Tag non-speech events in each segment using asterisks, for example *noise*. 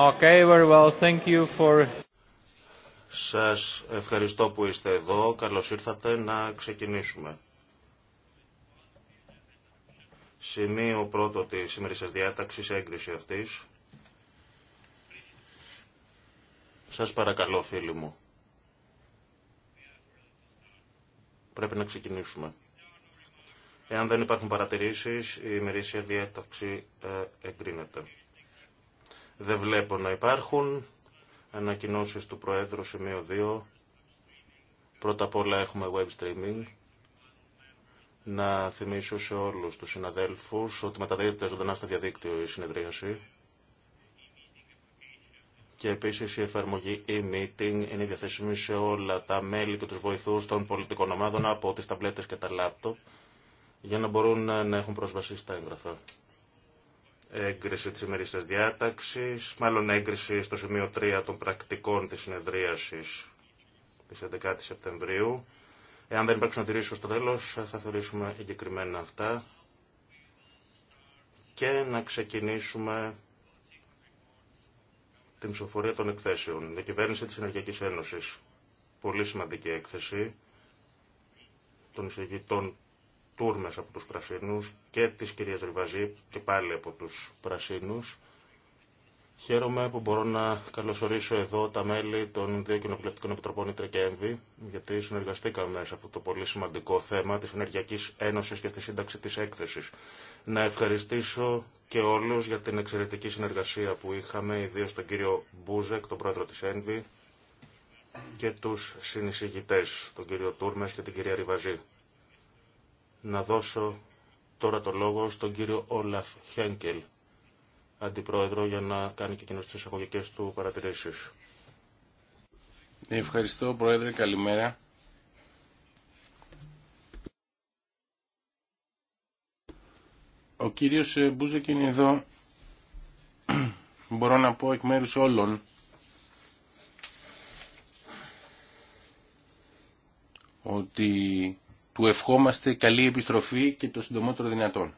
Okay, well. Thank you Σας ευχαριστώ που είστε εδώ. Καλώς ήρθατε να ξεκινήσουμε. Σημείο πρώτο της σημερινής διάταξη έγκριση αυτής. Σας παρακαλώ φίλοι μου. Πρέπει να ξεκινήσουμε. Εάν δεν υπάρχουν παρατηρήσεις, η ημερήσια διάταξη ε, εγκρίνεται. Δεν βλέπω να υπάρχουν. Ανακοινώσεις του Προέδρου σημείο 2. Πρώτα απ' όλα έχουμε web streaming. Να θυμίσω σε όλους τους συναδέλφους ότι μεταδίδεται ζωντανά στο διαδίκτυο η συνεδρίαση. Και επίσης η εφαρμογή e-meeting είναι διαθέσιμη σε όλα τα μέλη και τους βοηθούς των πολιτικών ομάδων από τις ταμπλέτες και τα λάπτοπ για να μπορούν να έχουν πρόσβαση στα έγγραφα έγκριση της ημερήσιας διάταξης, μάλλον έγκριση στο σημείο 3 των πρακτικών της συνεδρίασης της 11 η Σεπτεμβρίου. Εάν δεν υπάρξουν αντιρρήσεις στο τέλος, θα θεωρήσουμε εγκεκριμένα αυτά και να ξεκινήσουμε την ψηφοφορία των εκθέσεων. Η κυβέρνηση της Ενεργειακής Ένωσης. Πολύ σημαντική έκθεση των εισηγητών Τούρμες από τους Πρασίνους και της κυρίας Ριβαζή και πάλι από τους Πρασίνους. Χαίρομαι που μπορώ να καλωσορίσω εδώ τα μέλη των δύο κοινοβουλευτικών επιτροπών Ήτρε και Έμβη, γιατί συνεργαστήκαμε σε αυτό το πολύ σημαντικό θέμα της Ενεργειακής Ένωσης και τη σύνταξη της έκθεσης. Να ευχαριστήσω και όλους για την εξαιρετική συνεργασία που είχαμε, ιδίω τον κύριο Μπούζεκ, τον πρόεδρο της Έμβη, και τους συνεισηγητές, τον κύριο Τούρμες και την κυρία Ριβαζή να δώσω τώρα το λόγο στον κύριο Όλαφ Χένκελ, αντιπρόεδρο, για να κάνει και εκείνος τις εισαγωγικές του παρατηρήσεις. Ευχαριστώ, Πρόεδρε. Καλημέρα. Ο κύριος ε, Μπούζεκ είναι εδώ, *clears throat* μπορώ να πω εκ μέρους όλων, ότι του ευχόμαστε καλή επιστροφή και το συντομότερο δυνατόν.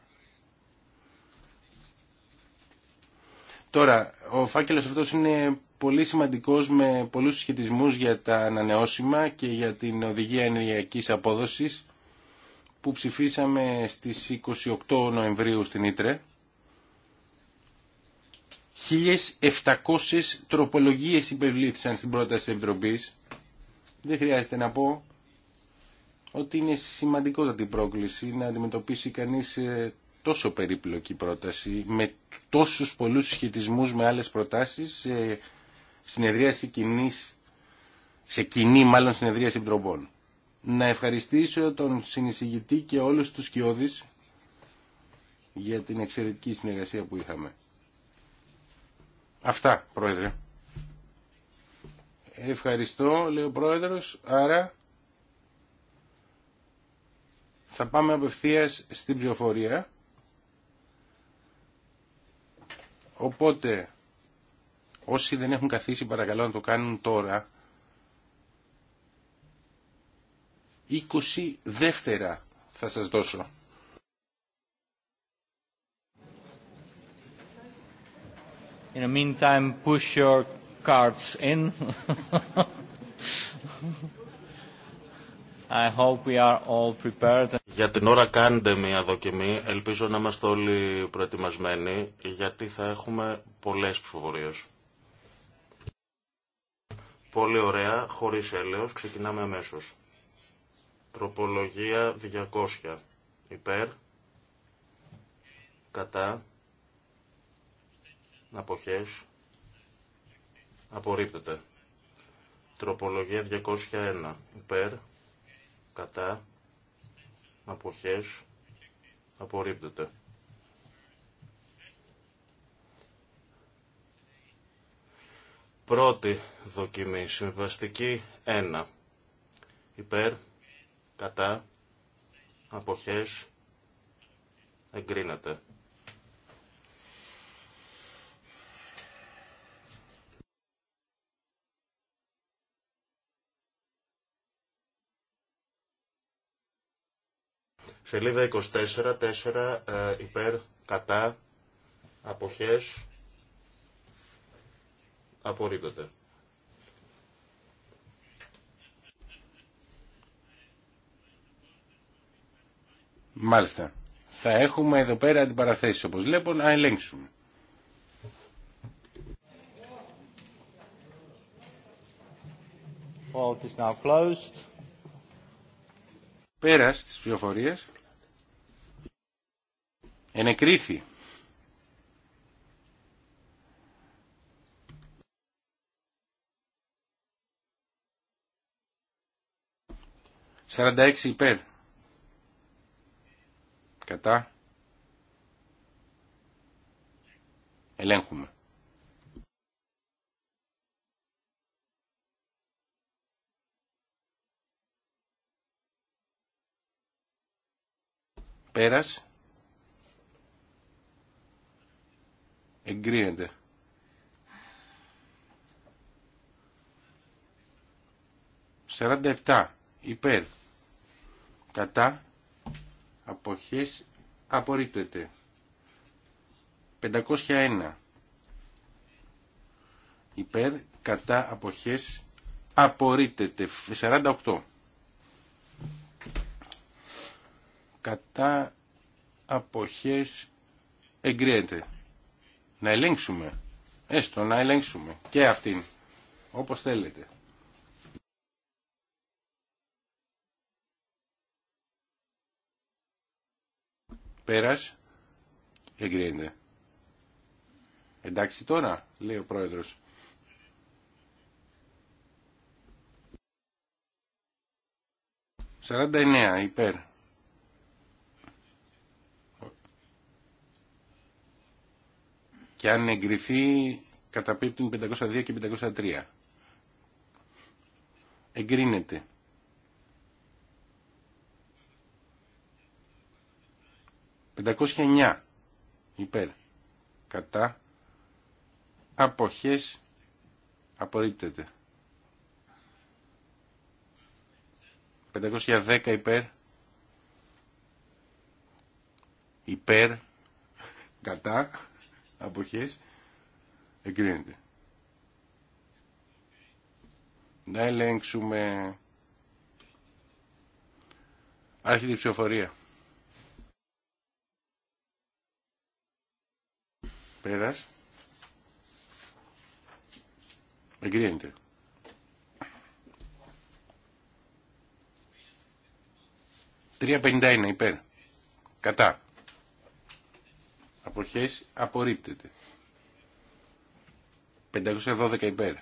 Τώρα, ο φάκελος αυτός είναι πολύ σημαντικός με πολλούς σχετισμούς για τα ανανεώσιμα και για την οδηγία ενεργειακής απόδοσης που ψηφίσαμε στις 28 Νοεμβρίου στην Ήτρε. 1.700 τροπολογίες υπευλήθησαν στην πρόταση της Επιτροπής. Δεν χρειάζεται να πω ότι είναι σημαντικότατη πρόκληση να αντιμετωπίσει κανείς ε, τόσο περίπλοκη πρόταση με τόσους πολλούς σχετισμούς με άλλες προτάσεις σε συνεδρίαση σε κοινή μάλλον συνεδρίαση επιτροπών. Να ευχαριστήσω τον συνεισηγητή και όλους τους κοιόδης για την εξαιρετική συνεργασία που είχαμε. Αυτά, Πρόεδρε. Ευχαριστώ, λέει ο Πρόεδρος. Άρα θα πάμε απευθείας στην ψηφοφορία. Οπότε, όσοι δεν έχουν καθίσει παρακαλώ να το κάνουν τώρα, 20 δεύτερα θα σας δώσω. In the meantime, push your cards in. *laughs* I hope we are all prepared. Για την ώρα κάντε μια δοκιμή. Ελπίζω να είμαστε όλοι προετοιμασμένοι, γιατί θα έχουμε πολλές ψηφοφορίες. Πολύ ωραία, χωρίς έλεος, ξεκινάμε αμέσως. Τροπολογία 200. Υπέρ. Κατά. Αποχές. Απορρίπτεται. Τροπολογία 201. Υπέρ. Κατά αποχές απορρίπτεται. Πρώτη δοκιμή, συμβαστική 1. Υπέρ, κατά, αποχές, εγκρίνεται. Σελίδα 24, 4 ε, υπέρ, κατά, αποχές, απορρίπτονται. Μάλιστα. Θα έχουμε εδώ πέρα αντιπαραθέσεις όπως βλέπω να ελέγξουμε. Well, Πέρας τις Ενεκρίθη. Σαράντα έξι υπέρ. Κατά. Ελέγχουμε. Πέρας. εγκρίνεται. 47 υπέρ κατά αποχές απορρίπτεται. 501 υπέρ κατά αποχές απορρίπτεται. 48 κατά αποχές εγκρίνεται να ελέγξουμε, έστω να ελέγξουμε και αυτήν, όπως θέλετε. Πέρας, εγκρίνεται. Εντάξει τώρα, λέει ο πρόεδρος. Σαράντα εννέα, υπέρ. και αν εγκριθεί καταπίπτουν 502 και 503. Εγκρίνεται. «509 υπέρ κατά αποχές απορρίπτεται». «510 υπέρ υπέρ κατά αποχές εγκρίνεται. Να ελέγξουμε άρχιτη ψηφοφορία. Πέρας. Εγκρίνεται. Τρία πενήντα υπέρ. Κατά αποχές απορρίπτεται 512 υπέρ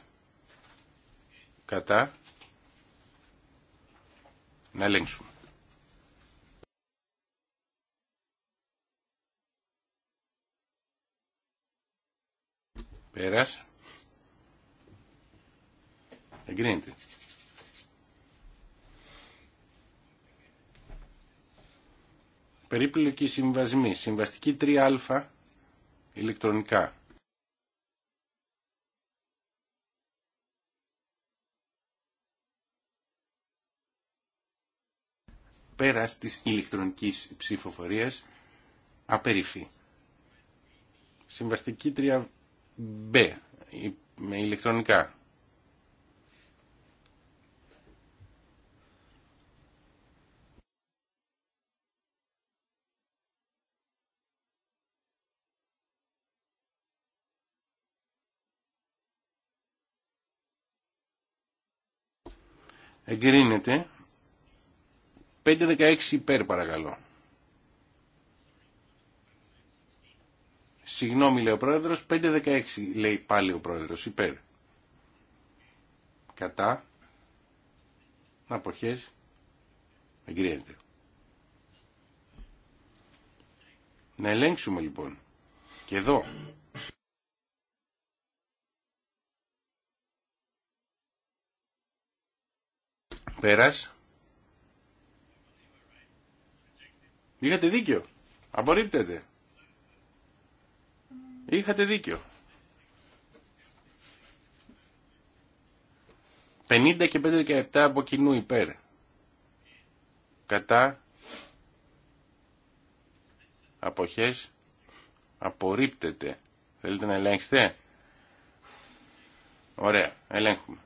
κατά να ελέγξουμε πέρας εγκρίνεται Περίπλοκοι συμβασμοί. Συμβαστική 3α ηλεκτρονικά. πέρας της ηλεκτρονικής ψηφοφορίας απεριφή. Συμβαστική 3B με ηλεκτρονικά. εγκρίνεται 5-16 υπέρ παρακαλώ συγγνώμη λέει ο πρόεδρος 5-16 λέει πάλι ο πρόεδρος υπέρ κατά αποχές εγκρίνεται να ελέγξουμε λοιπόν και εδώ Πέρας. Είχατε δίκιο. Απορρίπτεται. Είχατε δίκιο. 50 και 5 και 7 από κοινού υπέρ. Κατά. Αποχές. Απορρίπτεται. Θέλετε να ελέγξετε. Ωραία. Ελέγχουμε.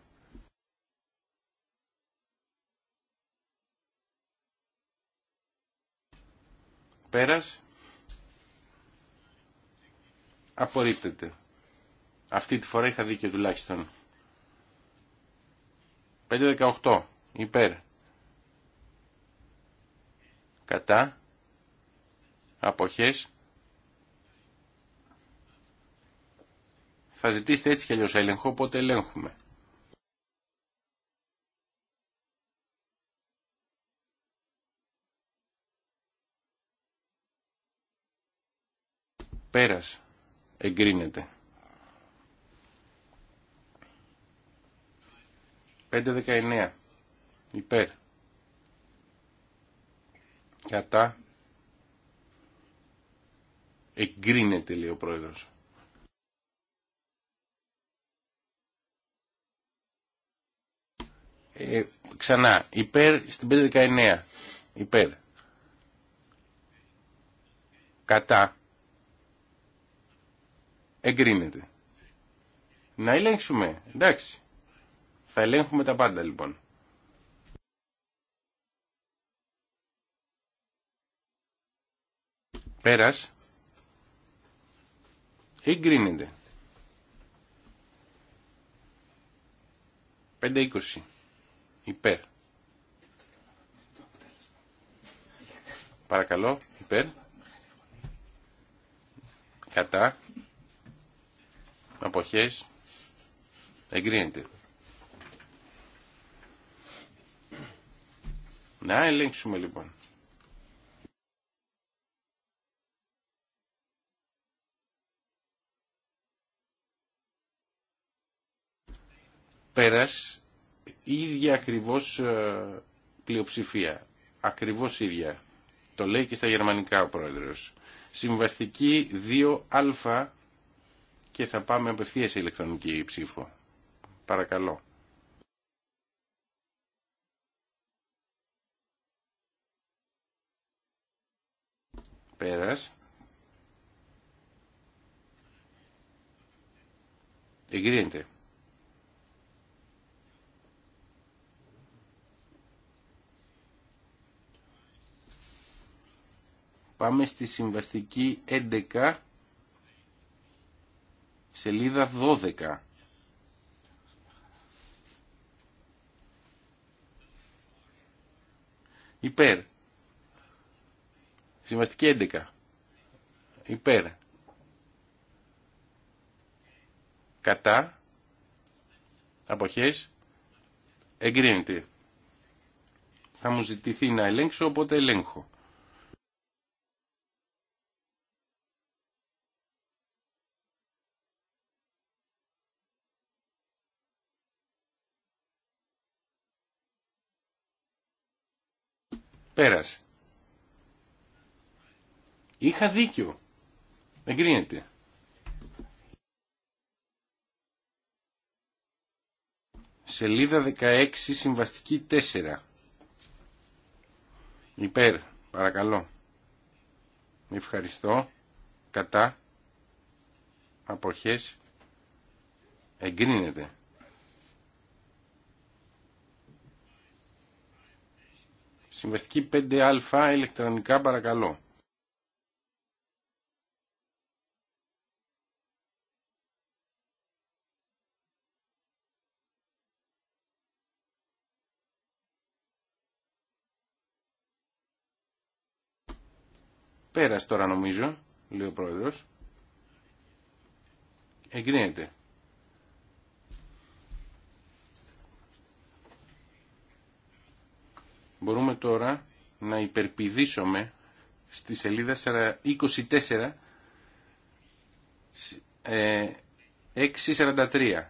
Πέρας. Απορρίπτεται. Αυτή τη φορά είχα δίκιο τουλάχιστον. 518. Υπέρ. Κατά. Αποχές. Θα ζητήσετε έτσι κι αλλιώς έλεγχο, οπότε ελέγχουμε. Πέρας. Εγκρίνεται. 5.19. Υπέρ. Κατά. Εγκρίνεται λέει ο πρόεδρος. Ε, ξανά. Υπέρ στην 5.19. Υπέρ. Κατά εγκρίνεται. Να ελέγξουμε, εντάξει. Θα ελέγχουμε τα πάντα λοιπόν. Πέρας, εγκρίνεται. 5-20, υπέρ. Παρακαλώ, υπέρ. Κατά, αποχές εγκρίνεται. Να ελέγξουμε λοιπόν. Πέρας, ίδια ακριβώς ε, πλειοψηφία. Ακριβώς ίδια. Το λέει και στα γερμανικά ο πρόεδρος. Συμβαστική 2α και θα πάμε απευθεία σε ηλεκτρονική ψήφο. Παρακαλώ. Πέρας. Εγκρίνεται. Πάμε στη συμβαστική 11 σελίδα 12. Υπέρ. Σημαστική 11. Υπέρ. Κατά. Αποχές. Εγκρίνεται. Θα μου ζητηθεί να ελέγξω, οπότε ελέγχω. Πέρασε. Είχα δίκιο. Εγκρίνεται. Σελίδα 16 συμβαστική 4. Υπέρ. Παρακαλώ. Ευχαριστώ. Κατά. Αποχές. Εγκρίνεται. Συμβαστική 5α ηλεκτρονικά παρακαλώ. Πέρας τώρα νομίζω, λέει ο πρόεδρος. Εγκρίνεται. μπορούμε τώρα να υπερπηδήσουμε στη σελίδα 24 643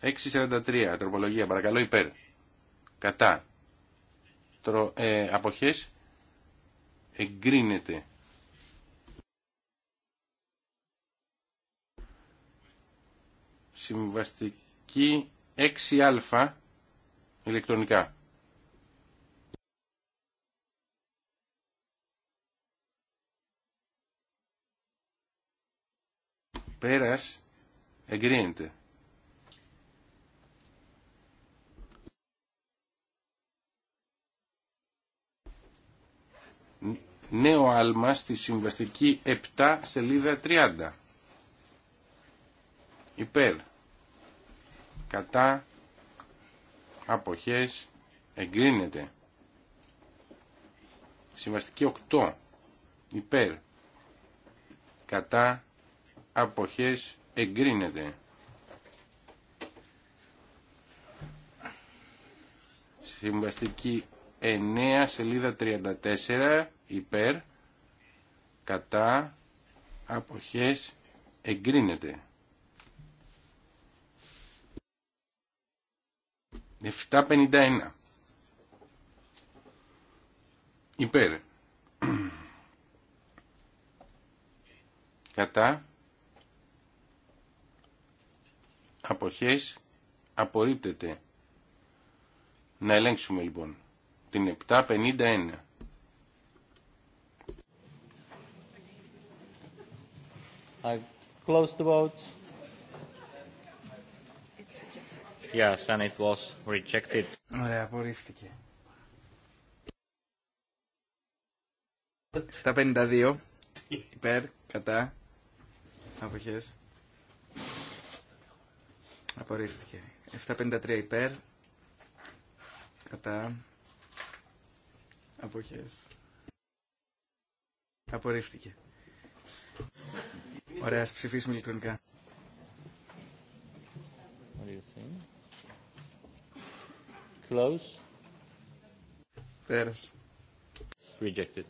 643 τροπολογία παρακαλώ υπέρ κατά τρο, ε, αποχές εγκρίνεται συμβαστική 6α ηλεκτρονικά. Πέρας εγκρίνεται. Νέο άλμα στη συμβαστική 7 σελίδα 30. Υπέρ. Κατά αποχές εγκρίνεται. Συμβαστική 8 υπέρ κατά αποχές εγκρίνεται. Συμβαστική 9 σελίδα 34 υπέρ κατά αποχές εγκρίνεται. 751 υπέρ κατά αποχές απορρίπτεται να ελέγξουμε λοιπόν την 751 I close the vote. Yes, and it was rejected. Ωραία, απορρίφθηκε. 752 52 υπέρ, κατά, αποχές. Απορρίφθηκε. 753 υπέρ, κατά, αποχές. Απορρίφθηκε. Ωραία, α ψηφίσουμε ηλεκτρονικά. close. Πέρας. Rejected.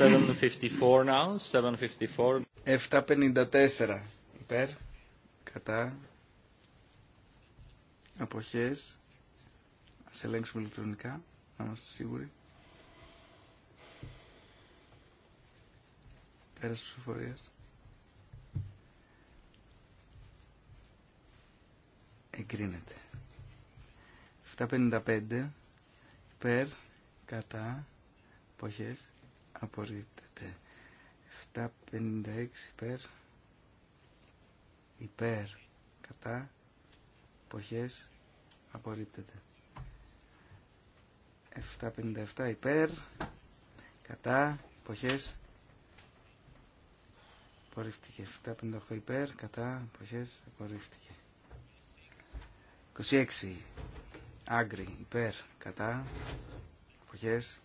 754 now. 754. 754. Υπέρ. Κατά. Αποχές. Ας ελέγξουμε ηλεκτρονικά. Να είμαστε σίγουροι. Πέρας ψηφοφορίας. εγκρίνεται. 755 υπέρ κατά εποχές απορρίπτεται. 756 υπέρ υπέρ κατά εποχές απορρίπτεται. 757 υπέρ κατά εποχές απορρίφθηκε. 758 υπέρ κατά εποχές απορρίφθηκε. 26 άγκρι υπέρ κατά εποχές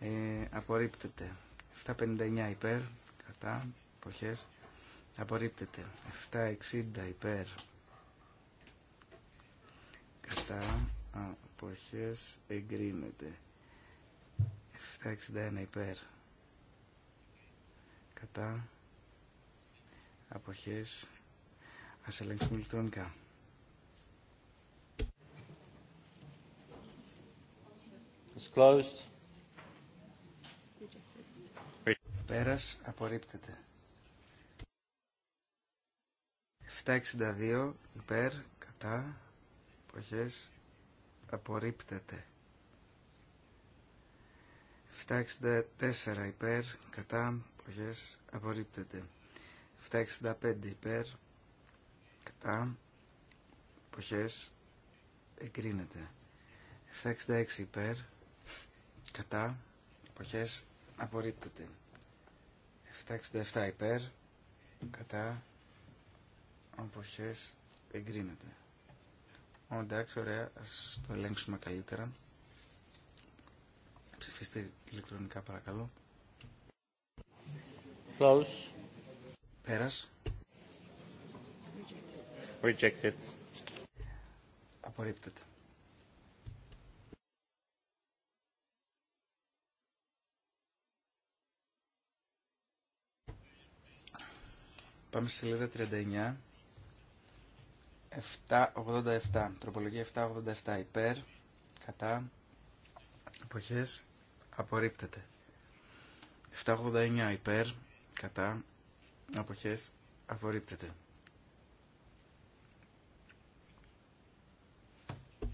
ε, απορρίπτεται 759 υπέρ κατά εποχές απορρίπτεται 760 υπέρ κατά εποχές εγκρίνεται 761 υπέρ κατά αποχές ας ελέγξουμε ηλεκτρονικά is closed. Πέρας απορρίπτεται. 762 υπέρ, κατά, εποχές, απορρίπτεται. 764 υπέρ, κατά, εποχές, απορρίπτεται. 765 υπέρ, κατά, εποχές, εγκρίνεται. 766 υπέρ, κατά εποχές απορρίπτεται 767 υπέρ κατά εποχές εγκρίνεται Όμως εντάξει ωραία ας το ελέγξουμε καλύτερα ψηφίστε ηλεκτρονικά παρακαλώ Close. Πέρας. Rejected. Απορρίπτεται. Πάμε στη σελίδα 39. 787. Τροπολογία 787. Υπέρ. Κατά. Εποχές. Απορρίπτεται. 789. Υπέρ. Κατά. εποχέ, Απορρίπτεται.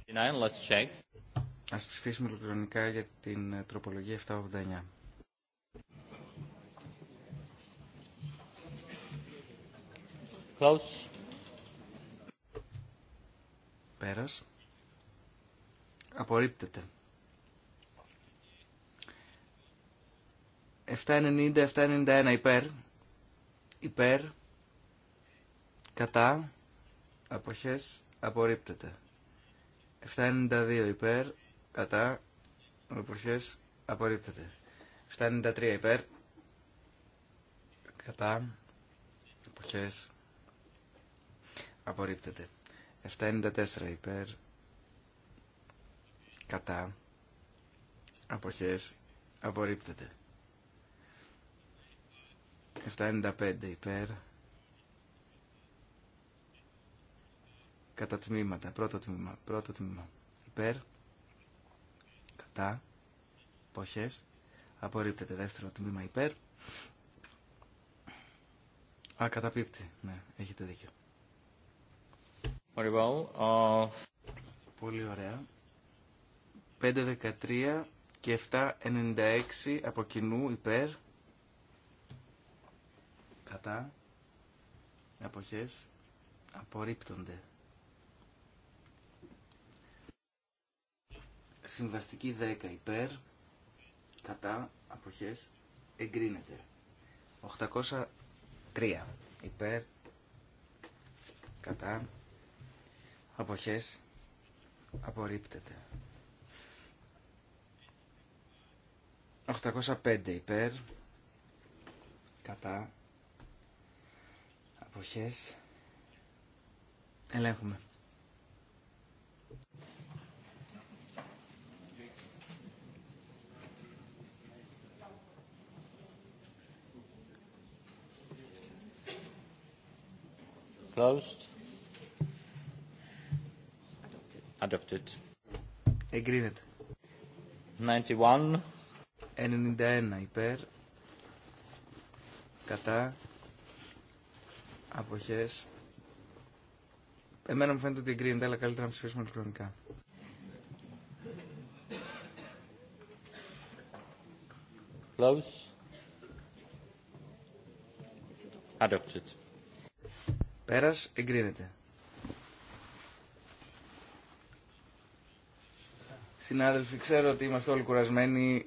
9, let's check. Ας ψηφίσουμε ηλεκτρονικά για την τροπολογία 789. Klaus. Πέρας. Απορρίπτεται. 790-791 υπέρ. Υπέρ. Κατά. Αποχές. Απορρίπτεται. 792 υπέρ. Κατά. Αποχές. Απορρίπτεται. 793 υπέρ. Κατά. Αποχές απορρίπτεται. 794 υπέρ κατά αποχές απορρίπτεται. 795 υπέρ κατά τμήματα, πρώτο τμήμα, πρώτο τμήμα υπέρ κατά αποχές απορρίπτεται. Δεύτερο τμήμα υπέρ Α, καταπίπτει. Ναι, έχετε δίκιο. Uh, Πολύ ωραία. 5.13 και 7.96 από κοινού υπέρ. Κατά. Αποχές. Απορρίπτονται. Συμβαστική 10 υπέρ. Κατά. Αποχές. Εγκρίνεται. 803 υπέρ. Κατά αποχές απορρίπτεται. 805 υπέρ, κατά, αποχές, ελέγχουμε. Closed. Adopted. Εγκρίνεται. 91. 91 υπέρ. Κατά. Αποχές. Εμένα μου φαίνεται ότι εγκρίνεται, αλλά καλύτερα να ψηφίσουμε ηλεκτρονικά. Close. Adopted. Πέρας εγκρίνεται. Συνάδελφοι, ξέρω ότι είμαστε όλοι κουρασμένοι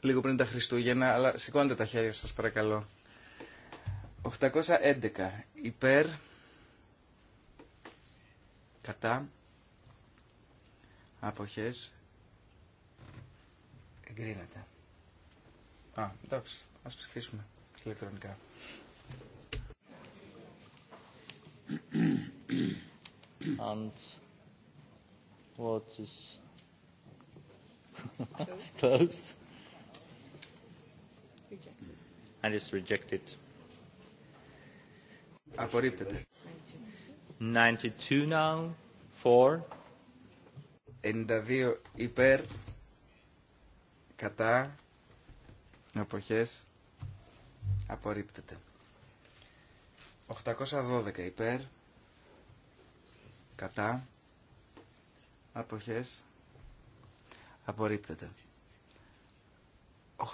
λίγο πριν τα Χριστούγεννα, αλλά σηκώντε τα χέρια σας παρακαλώ. 811. Υπέρ. Κατά. Αποχές. Εγκρίνεται. Α, εντάξει. Ας ψηφίσουμε ηλεκτρονικά. And what is Closed. And it's rejected. Απορρίπτεται. 92 now. 4. 92 υπέρ. Κατά. Αποχές. Απορρίπτεται. 812 υπέρ. Κατά. Αποχές Απορρίπτεται.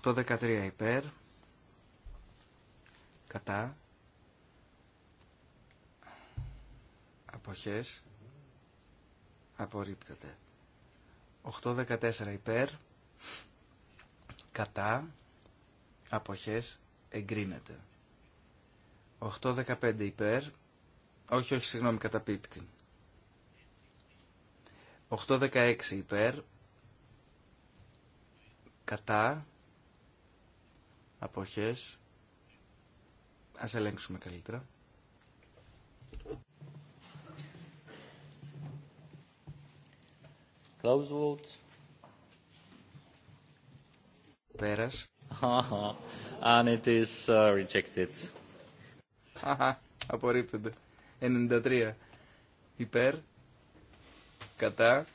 8.13 υπέρ. Κατά. Αποχές. Απορρίπτεται. 8.14 υπέρ. Κατά. Αποχές. Εγκρίνεται. 8.15 υπέρ. Όχι, όχι, συγγνώμη, καταπίπτει. 8.16 υπέρ. Κατά. Αποχές. Ας ελέγξουμε καλύτερα. Close Πέρας. *laughs* And it is uh, rejected. Απορρίπτεται. 93. Υπέρ. Κατά.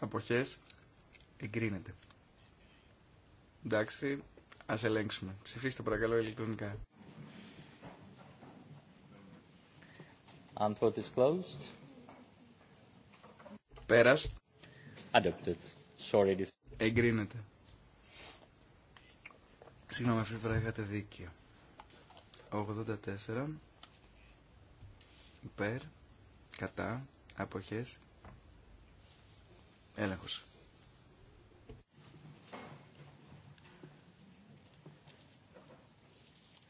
Αποχές. Εγκρίνεται. Εντάξει, ας ελέγξουμε. Ψηφίστε παρακαλώ ηλεκτρονικά. And is closed. Πέρας. Adopted. Sorry. This... Εγκρίνεται. Συγγνώμη, αφήβρα είχατε δίκιο. 84. Υπέρ. Κατά. Αποχές. Έλεγχος.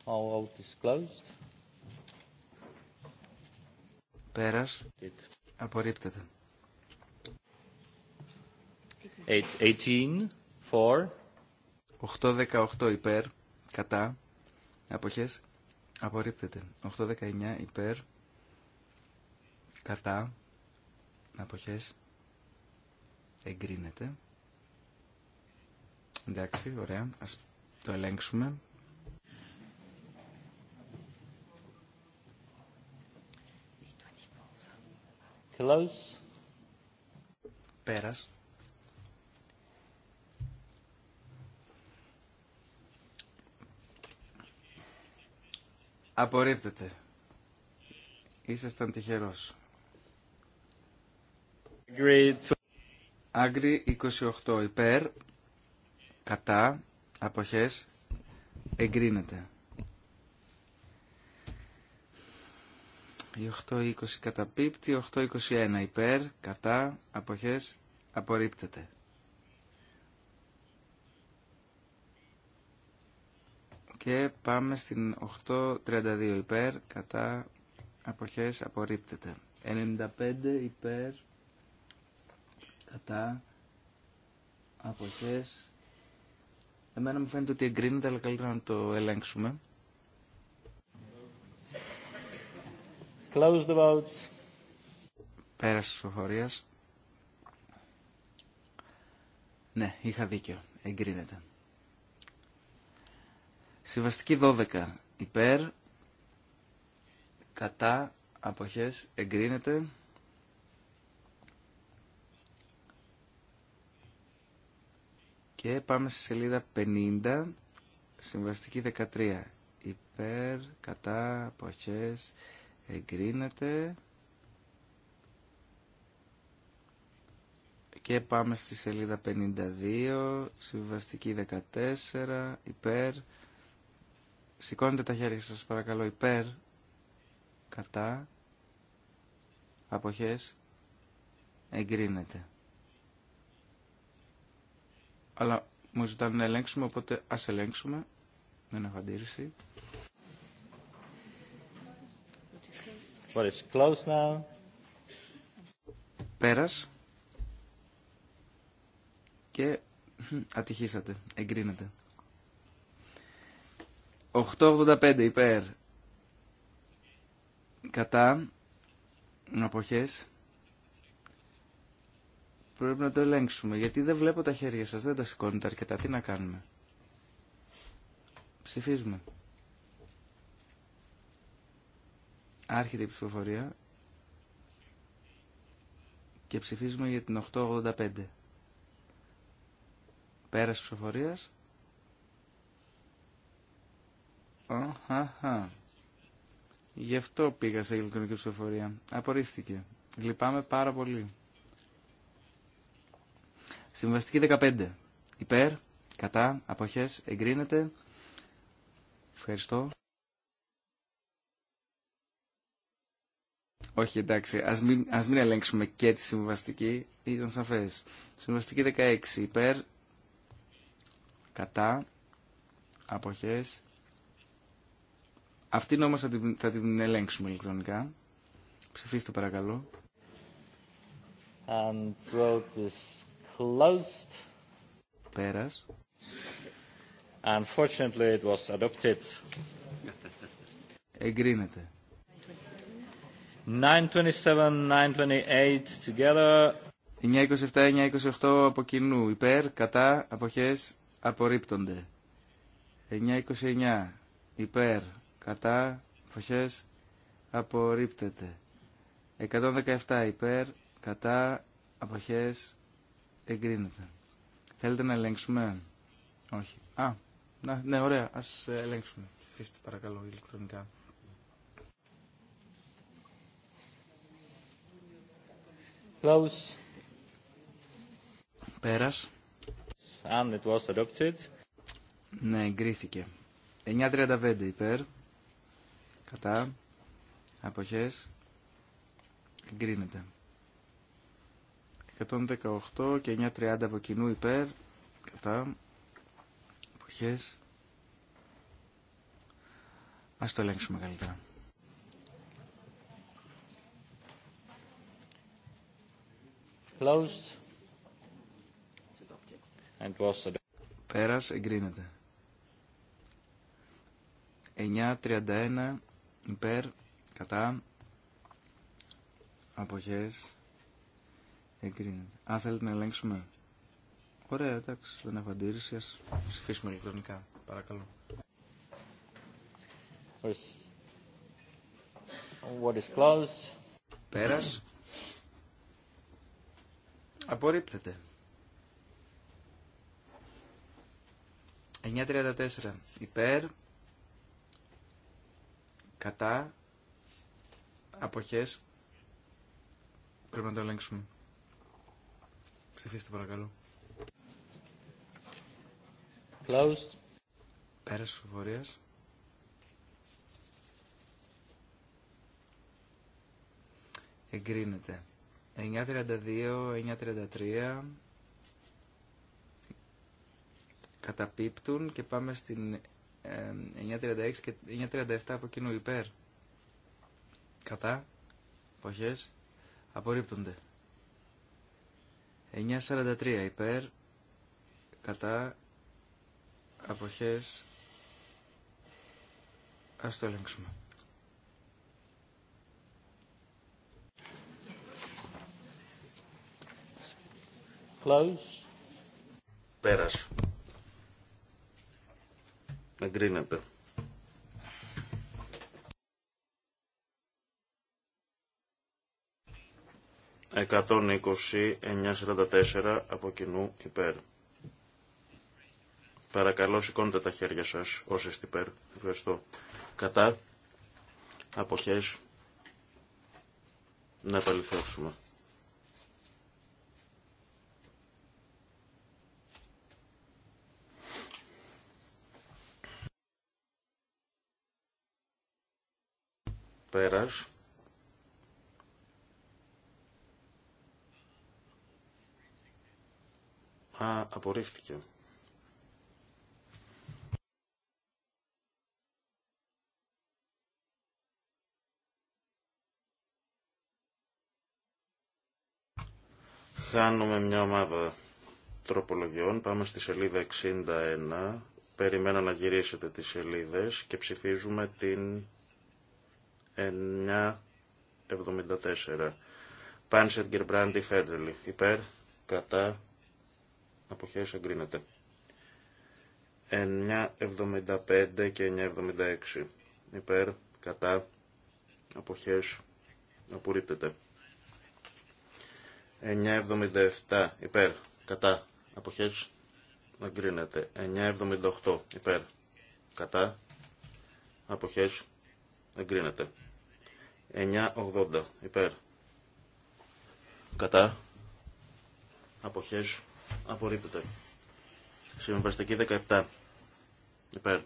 All vote is closed. Πέρας. Απορρίπτεται. 8-18 υπέρ. Κατά. Αποχές. Απορρίπτεται. 8-19 υπέρ. Κατά. Αποχές. Εγκρίνεται. Εντάξει, ωραία. Ας το ελέγξουμε. Close. Πέρας. Απορρίπτεται. Ήσασταν τυχερός. Άγκρι 28 υπέρ, κατά, αποχές, εγκρίνεται. Η 820 20 καταπίπτει, 8-21 υπερ κατά, αποχές, απορρίπτεται. και πάμε στην 8.32 υπέρ, κατά, αποχές, απορρίπτεται. 95 υπέρ, κατά, αποχές. Εμένα μου φαίνεται ότι εγκρίνεται, αλλά καλύτερα να το ελέγξουμε. Close the votes. Ναι, είχα δίκιο. Εγκρίνεται. Συμβαστική 12. Υπέρ, κατά, αποχές, εγκρίνεται. Και πάμε στη σελίδα 50, συμβαστική 13. Υπέρ, κατά, αποχές, εγκρίνεται εγκρίνεται και πάμε στη σελίδα 52 συμβαστική 14 υπέρ σηκώνετε τα χέρια σας παρακαλώ υπέρ κατά αποχές εγκρίνεται αλλά μου ζητάνε να ελέγξουμε οπότε ας ελέγξουμε δεν έχω αντίρρηση Πέρας. Και ατυχήσατε. εγκρίνετε. 8.85 υπέρ. Κατά. Αποχές. Πρέπει να το ελέγξουμε. Γιατί δεν βλέπω τα χέρια σας. Δεν τα σηκώνετε αρκετά. Τι να κάνουμε. Ψηφίζουμε. Άρχεται η ψηφοφορία και ψηφίζουμε για την 885. Πέρας ψηφοφορία. Γι' αυτό πήγα σε ηλεκτρονική ψηφοφορία. Απορρίφθηκε. Λυπάμαι πάρα πολύ. Συμβαστική 15. Υπέρ, κατά, αποχές, εγκρίνεται. Ευχαριστώ. Όχι, εντάξει, ας μην, ας μην ελέγξουμε και τη συμβαστική, ήταν σαφές. Συμβαστική 16, υπέρ, κατά, αποχές. Αυτήν όμως θα την, θα την ελέγξουμε ηλεκτρονικά. Ψηφίστε παρακαλώ. And vote closed. Πέρας. Unfortunately it was adopted. Εγκρίνεται. 927, 928 together. 927, από κοινού. Υπέρ, κατά, αποχές, απορρίπτονται. 929 υπέρ, κατά, αποχές, απορρίπτεται. 117 υπέρ, κατά, αποχές, εγκρίνεται. Θέλετε να ελέγξουμε. Όχι. Α, ναι, ωραία, ας ελέγξουμε. Ψηφίστε παρακαλώ ηλεκτρονικά. Close. Πέρας. it was adopted. Ναι, εγκρίθηκε. 9.35 υπέρ. Κατά. Αποχές. Εγκρίνεται. 118 και 9.30 από κοινού υπέρ. Κατά. Αποχές. Ας το ελέγξουμε καλύτερα. Πέρας εγκρίνεται. 9.31 υπέρ κατά αποχές εγκρίνεται. Α, θέλετε να ελέγξουμε. Ωραία, εντάξει, δεν έχω αντίρρηση. Ας ψηφίσουμε ηλεκτρονικά. Παρακαλώ. What is closed. Πέρας. Απορρίπτεται. 9.34 υπέρ κατά αποχές πρέπει να το ελέγξουμε. Ψηφίστε παρακαλώ. Closed. Πέρας της φοβορίας. Εγκρίνεται. 9.32, 9.33 καταπίπτουν και πάμε στην 9.36 και 9.37 από κοινού υπέρ. Κατά, εποχές, απορρίπτονται. 9.43 υπέρ, κατά, αποχές, ας το ελέγξουμε. Close. Εγκρίνεται. Εκατόν είκοσι από κοινού υπέρ. Παρακαλώ σηκώνετε τα χέρια σας όσοι είστε υπέρ. Ευχαριστώ. Κατά. Αποχές. Να επαληθεύσουμε. Α, απορρίφθηκε. Χάνουμε μια ομάδα τροπολογιών. Πάμε στη σελίδα 61. Περιμένω να γυρίσετε τις σελίδες και ψηφίζουμε την 9.74. Πάνσετ Γκερμπράντι Φέντρελι. Υπέρ, κατά, αποχές εγκρίνεται. 9.75 και 9.76. Υπέρ, κατά, αποχές απορρίπτεται. 9.77 υπέρ, κατά, αποχές Αγκρίνεται. 9.78 υπέρ, κατά, αποχές εγκρίνεται. 9.80 υπέρ. Κατά. Αποχές. Απορρίπτεται. Συμβαστική 17 υπέρ.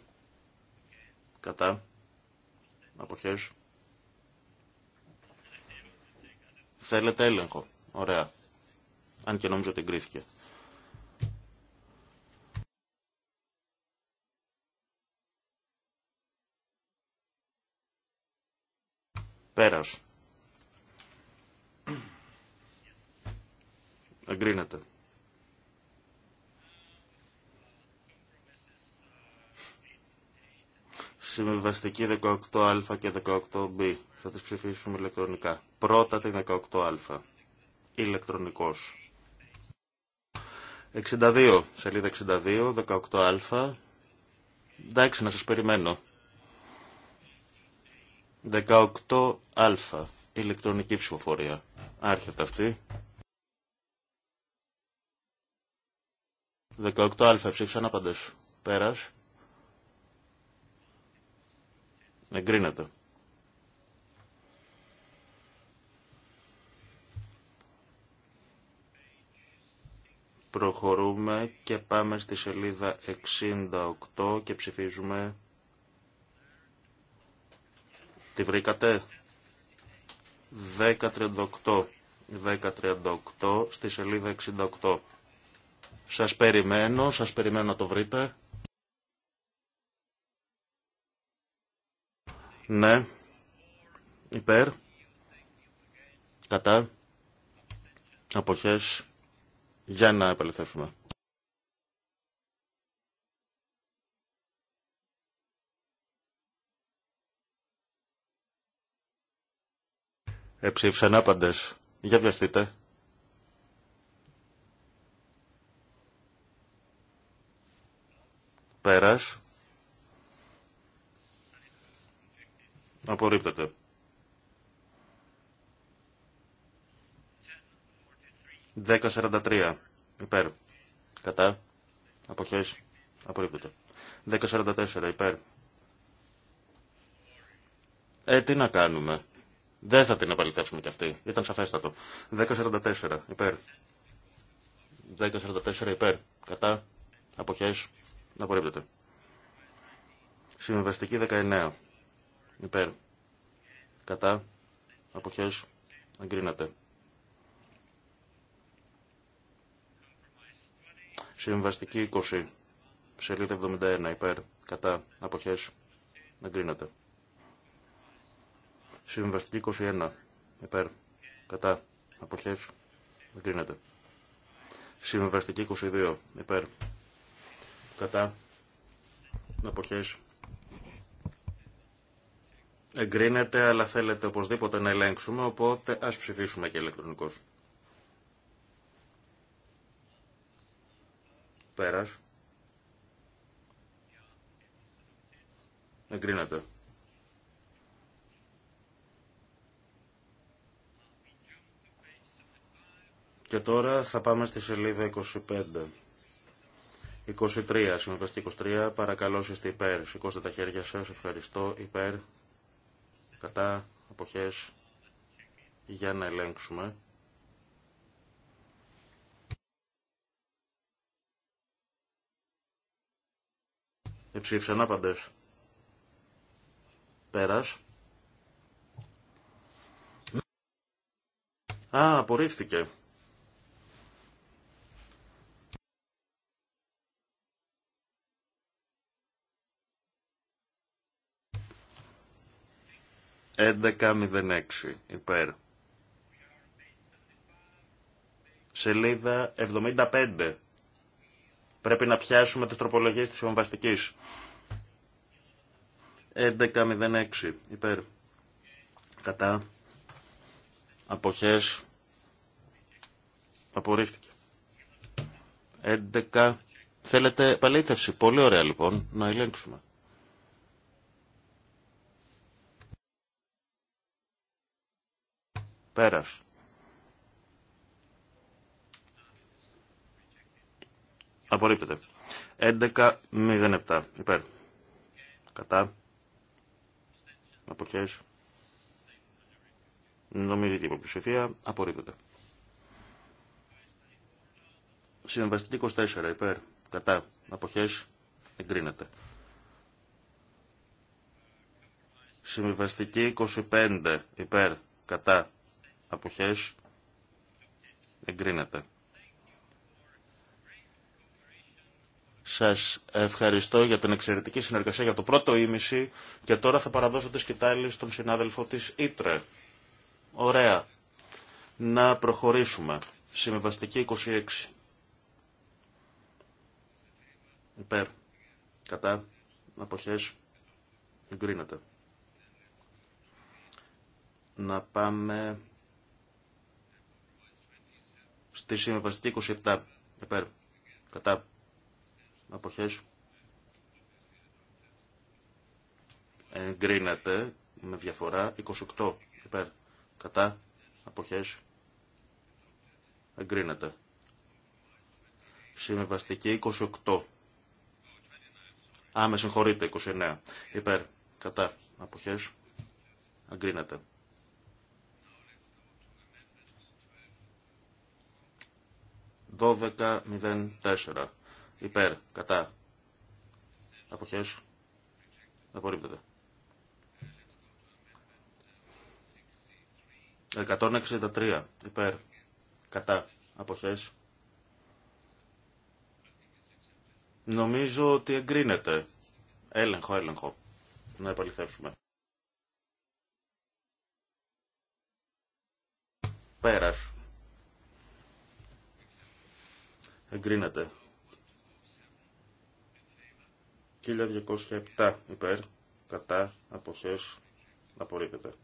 Κατά. Αποχές. Θέλετε έλεγχο. Ωραία. Αν και νόμιζα ότι εγκρίθηκε. Πέρας. Εγκρίνεται. Συμβαστική 18α και 18b. Θα τις ψηφίσουμε ηλεκτρονικά. Πρώτα τη 18α. Ηλεκτρονικός. 62. Σελίδα 62, 18α. Εντάξει, να σας περιμένω. 18α. Ηλεκτρονική ψηφοφορία. Άρχεται αυτή. 18α ψήφισαν άπαντες. Πέρας. Εγκρίνεται. Προχωρούμε και πάμε στη σελίδα 68 και ψηφίζουμε Τη βρήκατε. 1038. 1038 στη σελίδα 68. Σας περιμένω, σας περιμένω να το βρείτε. Ναι. Υπέρ. Κατά. Αποχές. Για να επαληθεύσουμε. Εψήφισαν άπαντες. Για βιαστείτε. Πέρας. Απορρίπτεται. 10.43. Υπέρ. Κατά. Αποχές. Απορρίπτεται. 10.44. Υπέρ. Ε, τι να κάνουμε. Δεν θα την επαληθεύσουμε κι αυτή. Ήταν σαφέστατο. 10.44 υπέρ. 10.44 υπέρ. Κατά. Αποχές. Απορρίπτεται. Συμβαστική 19. Υπέρ. Κατά. Αποχές. Εγκρίνεται. Συμβαστική 20. Σελίδα 71. Υπέρ. Κατά. Αποχές. Εγκρίνεται. Συμβαστική 21. Υπέρ. Κατά. Αποχές. Εγκρίνεται. Συμβαστική 22. Υπέρ. Κατά. Αποχές. Εγκρίνεται, αλλά θέλετε οπωσδήποτε να ελέγξουμε, οπότε ας ψηφίσουμε και ηλεκτρονικός. Πέρας. Εγκρίνεται. Και τώρα θα πάμε στη σελίδα 25. 23, συμβαστή 23, παρακαλώ είστε υπέρ. Σηκώστε τα χέρια σας, ευχαριστώ, υπέρ, κατά, αποχές, για να ελέγξουμε. Εψήφισαν άπαντες. Πέρας. Α, απορρίφθηκε. 1106 υπέρ. Σελίδα 75. Πρέπει να πιάσουμε τις τροπολογίες της συμβαστικής. 1106 υπέρ. Κατά. Αποχές. Απορρίφθηκε. 11. Θέλετε παλήθευση. Πολύ ωραία λοιπόν να ελέγξουμε. Πέρας. Απορρίπτεται. 11.07. Υπέρ. Κατά. Αποχές. Νομίζεται η υποψηφία. Απορρίπτεται. Συμβαστική 24. Υπέρ. Κατά. Αποχές. Εγκρίνεται. Συμβαστική 25. Υπέρ. Κατά αποχές εγκρίνεται. Σας ευχαριστώ για την εξαιρετική συνεργασία για το πρώτο ήμιση και τώρα θα παραδώσω τη σκητάλη στον συνάδελφο της Ήτρε. Ωραία. Να προχωρήσουμε. Συμβαστική 26. Υπέρ. Κατά. Αποχές. Εγκρίνεται. Να πάμε στη συμβαστική 27 υπέρ κατά αποχές εγκρίνεται με διαφορά 28 υπέρ κατά αποχές εγκρίνεται συμβαστική 28 άμεση με 29. Υπέρ, κατά, αποχές, εγκρίνεται. 12.04. Υπέρ. Κατά. Αποχές. Απορρίπτεται. 163. Υπέρ. Κατά. Αποχές. Νομίζω ότι εγκρίνεται. Έλεγχο, έλεγχο. Να επαληθεύσουμε. Πέρας. εγκρίνεται. 1207 υπέρ, κατά, αποχές, απορρίπτεται.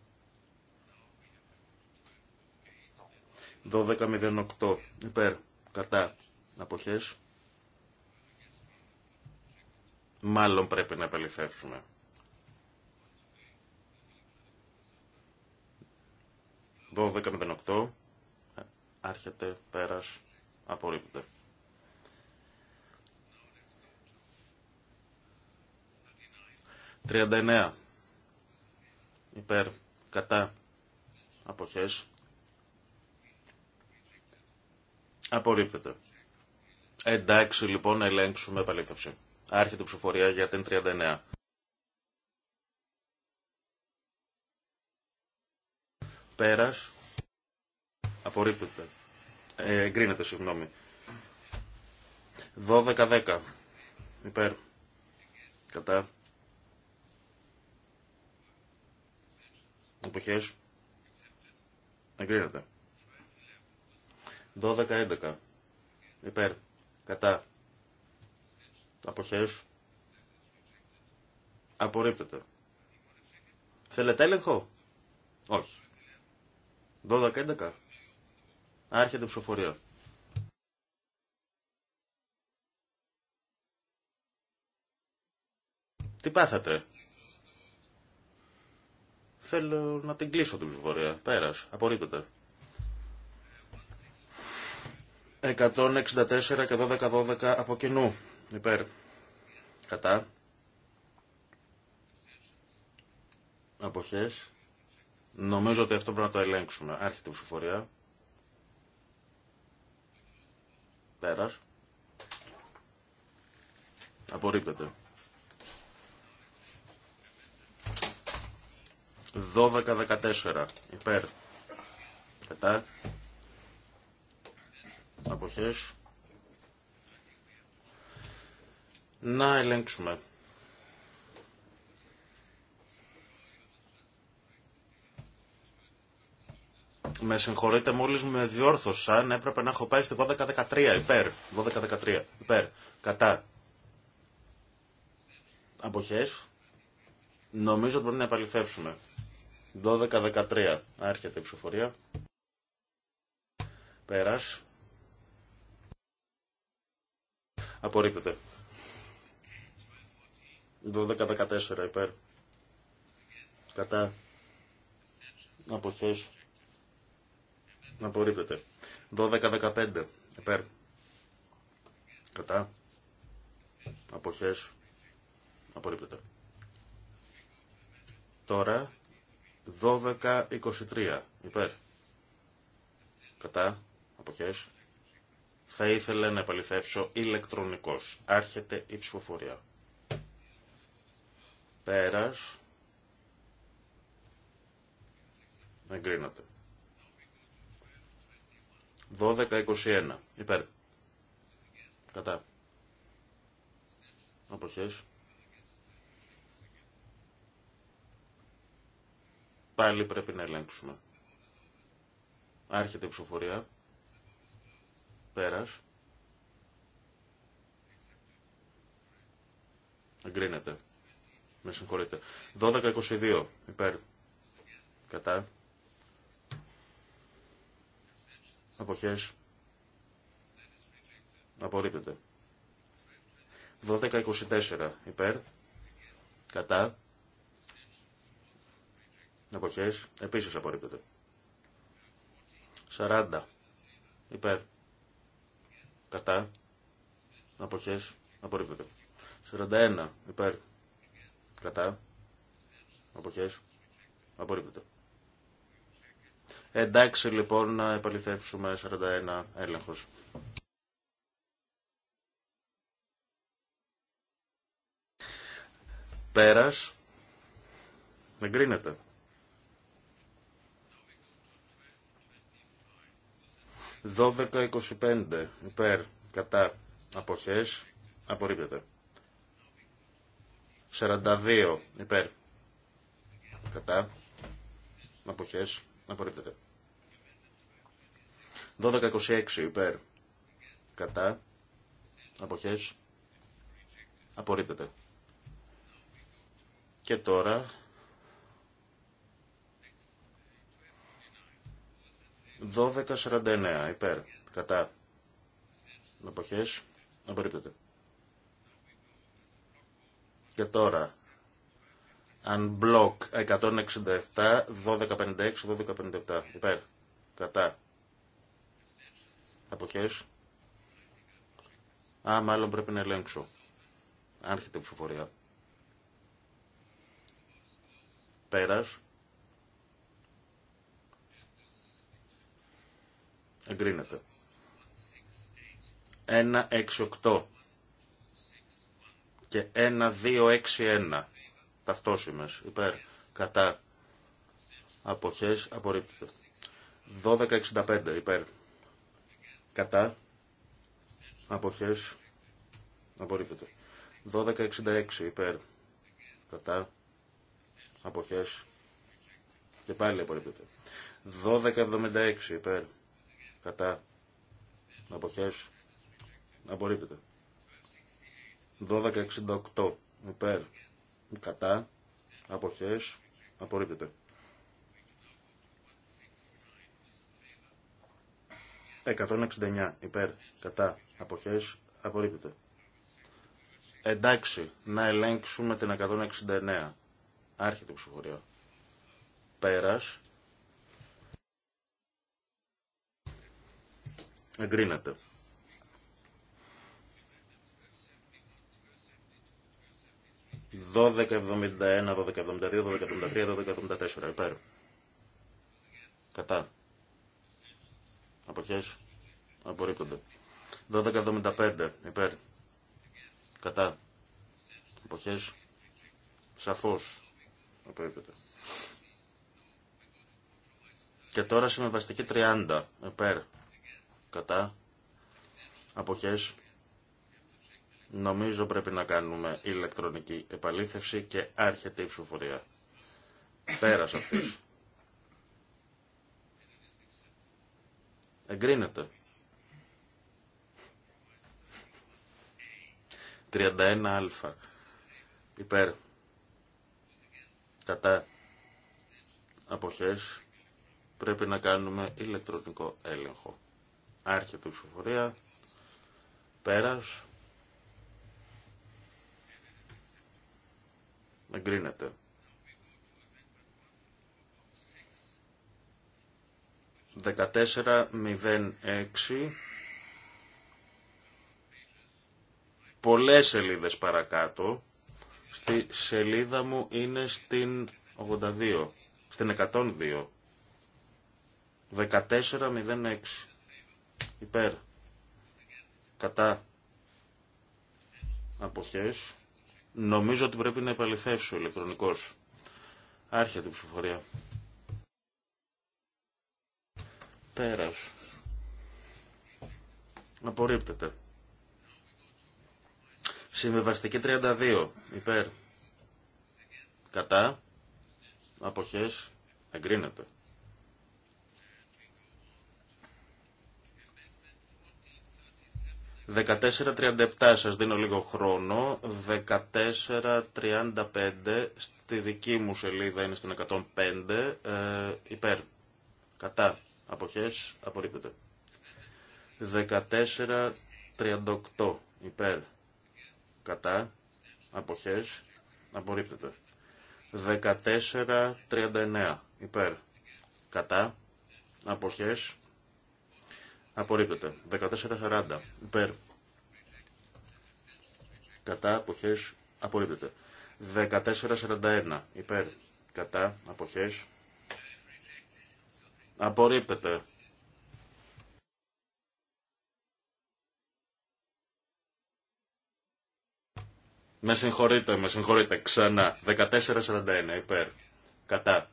1208 υπέρ, κατά, αποχές. Μάλλον πρέπει να επαληθεύσουμε. Δώδεκα άρχεται, πέρας, απορρίπτεται. 39 υπέρ κατά αποχές απορρίπτεται. Εντάξει λοιπόν να ελέγξουμε επαλήθευση. Άρχεται η ψηφορία για την 39. Πέρας. Απορρίπτεται. Ε, εγκρίνεται, συγγνώμη. 12-10. Υπέρ. Κατά. Εποχές. Εγκρίνεται. 12-11. Υπέρ. Κατά. Αποχές. Απορρίπτεται. Θέλετε έλεγχο. Όχι. 12-11. Άρχεται ψηφοφορία. Τι πάθατε. Θέλω να την κλείσω την ψηφοφορία. Πέρα. Απορρίπτεται. 164 και 12-12 από κοινού. Υπέρ. Κατά. Αποχές. Νομίζω ότι αυτό πρέπει να το ελέγξουμε. Άρχεται η ψηφοφορία. Πέρας. Απορρίπτεται. 12-14 υπέρ κατά αποχές να ελέγξουμε Με συγχωρείτε, μόλις με διόρθωσαν, έπρεπε να έχω πάει στη 12-13, υπέρ, 12-13, υπέρ, κατά. Αποχές, νομίζω ότι πρέπει να επαληθεύσουμε. 12-13. Άρχεται η ψηφοφορία. Πέρας. Απορρίπτεται. 12-14 υπέρ. Κατά. Αποχές. Απορρίπτεται. 12-15 υπέρ. Κατά. Αποχές. Απορρίπτεται. Τώρα 12-23 υπέρ. Κατά. Αποχές. Θα ήθελα να επαληθεύσω ηλεκτρονικός. Άρχεται η ψηφοφορία. Πέρας. Εγκρίνεται. 12-21. Υπέρ. Κατά. Αποχές. πάλι πρέπει να ελέγξουμε. Άρχεται η ψηφοφορία. Πέρας. Εγκρίνεται. Με συγχωρείτε. 12-22. Υπέρ. Κατά. Αποχές. Απορρίπτεται. 12-24. Υπέρ. Κατά. Εποχές. Επίσης απορρίπτεται. 40. Υπέρ. Κατά. εποχέ, Απορρίπτεται. 41. Υπέρ. Κατά. εποχέ, Απορρίπτεται. Εντάξει λοιπόν να επαληθεύσουμε 41 έλεγχος. Πέρας. Εγκρίνεται. 12.25 υπέρ κατά αποχές απορρίπτεται. 42 υπέρ κατά αποχές απορρίπτεται. 12.26 υπέρ κατά αποχές απορρίπτεται. Και τώρα 12.49 υπέρ. Κατά. Εποχές. Απορρίπτεται. Και τώρα. Unblock 167, 1256, 1257. Υπέρ. Κατά. Αποχές. Α, μάλλον πρέπει να ελέγξω. Άρχεται η ψηφοφορία. Πέρας. εγκρίνεται. 1-6-8 και 1-2-6-1 ταυτόσιμες, υπέρ, κατά, αποχές, απορρίπτεται. 12-65, υπέρ, κατά, αποχές, απορρίπτεται. 12-66, υπέρ, κατά, αποχές, και πάλι απορρίπτεται. 12-76, υπέρ, Κατά. Αποχές. Απορρίπτεται. 1268. Υπέρ. Κατά. Αποχές. Απορρίπτεται. 169. Υπέρ. Κατά. Αποχές. Απορρίπτεται. Εντάξει. Να ελέγξουμε την 169. Άρχεται η Πέρας. Εγκρίνεται. 1271, 1272, 1273, 1274. Υπέρ. Κατά. Αποχές. Απορρίπτονται. 1275. Υπέρ. Κατά. Αποχές. Σαφώς. Απορρίπτονται. Και τώρα συμβαστική 30. Υπέρ κατά αποχές νομίζω πρέπει να κάνουμε ηλεκτρονική επαλήθευση και άρχεται η ψηφοφορία. Πέρας αυτής. Εγκρίνεται. 31α. Υπέρ. Κατά. Αποχές. Πρέπει να κάνουμε ηλεκτρονικό έλεγχο. Άρχιε του ψηφοφορία. Πέρας. Εγκρίνεται. 1406 μηδέν έξι. Πολλές σελίδες παρακάτω. Στη σελίδα μου είναι στην 82. Στην 102. 1406 υπέρ κατά αποχές νομίζω ότι πρέπει να ο ηλεκτρονικός άρχεται την ψηφοφορία πέρας απορρίπτεται συμβεβαστική 32 υπέρ κατά αποχές εγκρίνεται 14.37 σας δίνω λίγο χρόνο, 14.35 στη δική μου σελίδα είναι στην 105, ε, υπέρ, κατά, αποχές, απορρίπτεται. 14.38 υπέρ, κατά, αποχές, απορρίπτεται. 14.39 υπέρ, κατά, αποχές, Απορρίπτεται. 14.40. Υπέρ. Κατά αποχές. Απορρίπτεται. 14.41. Υπέρ. Κατά αποχές. Απορρίπτεται. Με συγχωρείτε, με συγχωρείτε. Ξανά. 14.41. Υπέρ. Κατά.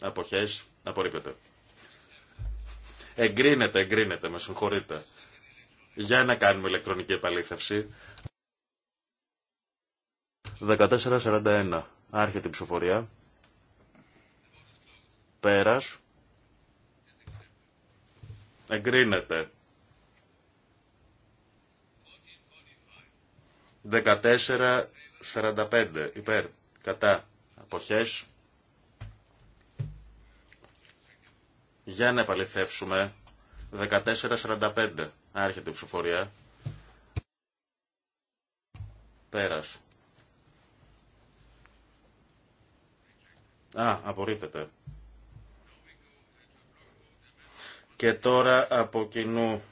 Αποχές. Απορρίπτεται. Εγκρίνεται, εγκρίνεται, με συγχωρείτε. Για να κάνουμε ηλεκτρονική επαλήθευση. 1441. Άρχεται η ψηφοφορία. Πέρας. Εγκρίνεται. 1445. Υπέρ. Κατά. Αποχές. Για να επαληθεύσουμε. 14.45. Άρχεται η ψηφορία. Πέρας. Α, απορρίπτεται. Και τώρα από κοινού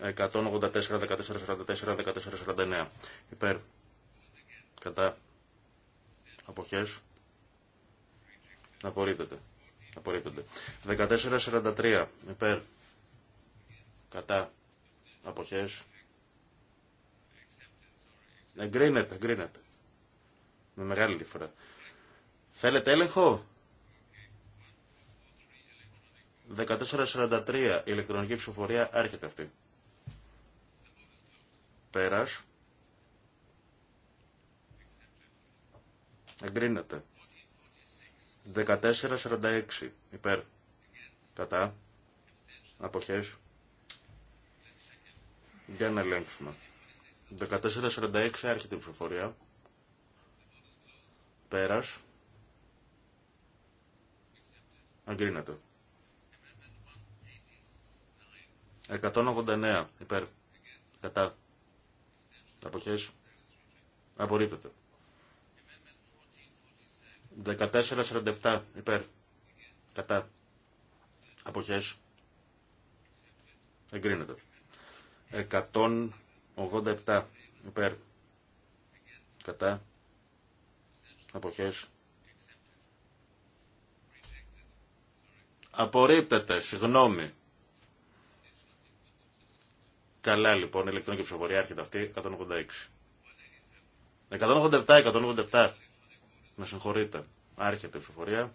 184, 14.44, 44, 14, 49. Υπέρ. Κατά. Αποχές. Απορρίπτεται. Απορρίπτονται. 14.43 υπέρ. Κατά. Αποχές. Εγκρίνεται, εγκρίνεται. Με μεγάλη διαφορά. Θέλετε έλεγχο. 14.43 η ηλεκτρονική ψηφοφορία έρχεται αυτή. Πέρας. Εγκρίνεται. 1446 υπέρ. Κατά. Αποχές. Για να ελέγξουμε. 1446 άρχεται η ψηφοφορία. Πέρας. Αγκρίνεται. 189 υπέρ. Κατά. Αποχές. Απορρίπτεται. 14.47 υπέρ. Κατά. Αποχές. Εγκρίνεται. 187 υπέρ. Κατά. Αποχές. Απορρίπτεται. Συγγνώμη. Καλά λοιπόν, ηλεκτρονική ψηφοφορία έρχεται αυτή, 186. 187, 187. Να συγχωρείτε. Άρχεται η ψηφοφορία.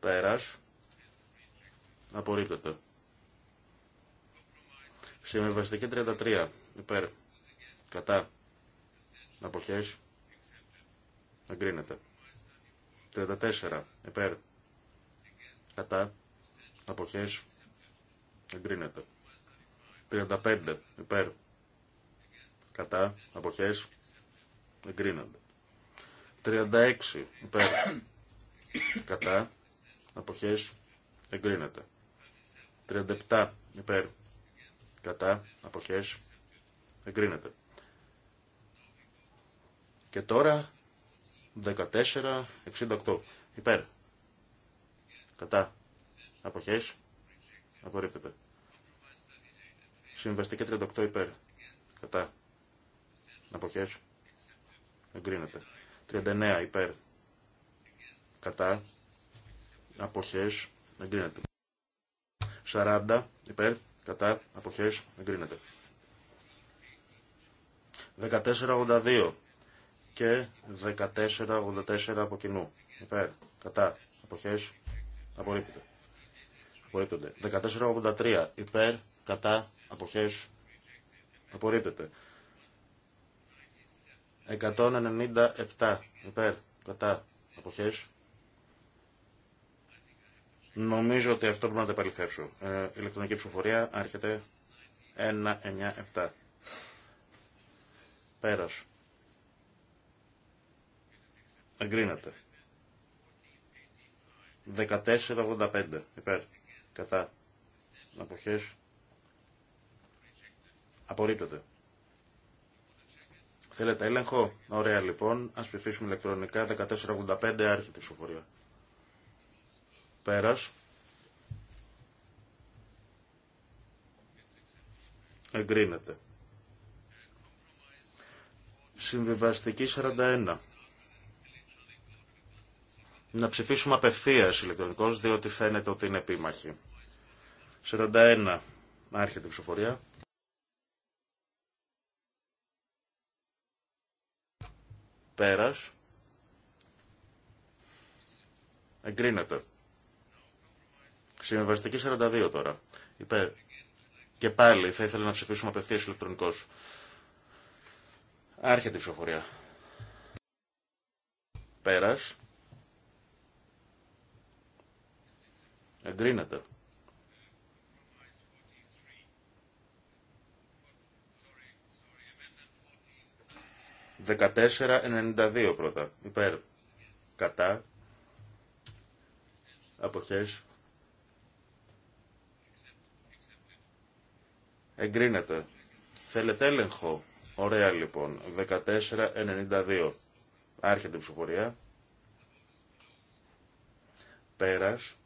Πέρας. Απορρίπτεται. Συμβεβαστική 33. Υπέρ. Κατά. Αποχές. Εγκρίνεται. 34. Υπέρ. Κατά. Αποχές. Εγκρίνεται. 35. Υπέρ. Κατά. Αποχές. Εγκρίνονται. 36 υπέρ κατά αποχές εγκρίνεται. 37 υπέρ κατά αποχές εγκρίνεται. Και τώρα 14-68 υπέρ κατά αποχές απορρίπτεται. Συμβαστική 38 υπέρ κατά αποχές εγκρίνεται. 39 υπέρ. Κατά. Αποχές. Εγκρίνεται. 40 υπέρ. Κατά. Αποχές. Εγκρίνεται. 1482 και 1484 από κοινού. Υπέρ. Κατά. Αποχές. Απορρίπτεται. Απορρίπτονται. 1483 υπέρ. Κατά. Αποχές. Απορρίπτεται. 197 υπέρ κατά αποχές. Νομίζω ότι αυτό πρέπει να το επαληθεύσω. Ε, ηλεκτρονική ψηφοφορία άρχεται 197. Πέρας. Εγκρίνεται. 1485 υπέρ κατά αποχές. Απορρίπτεται. Θέλετε έλεγχο. Ωραία λοιπόν. Ας ψηφίσουμε ηλεκτρονικά. 1485 άρχεται η ψηφοφορία. Πέρας. Εγκρίνεται. Συμβιβαστική 41. Να ψηφίσουμε απευθείας ηλεκτρονικός, διότι φαίνεται ότι είναι επίμαχη. 41. Άρχεται η ψηφοφορία. πέρας. Εγκρίνεται. Συμβαστική 42 τώρα. Και πάλι θα ήθελα να ψηφίσουμε απευθείας ηλεκτρονικός. Άρχεται η ψηφοφορία. Πέρας. Εγκρίνεται. 1492 πρώτα. Υπέρ. Κατά. Αποχές. Εγκρίνεται. Θέλετε έλεγχο. Ωραία λοιπόν. 1492. Άρχεται η ψηφοφορία. Πέρας.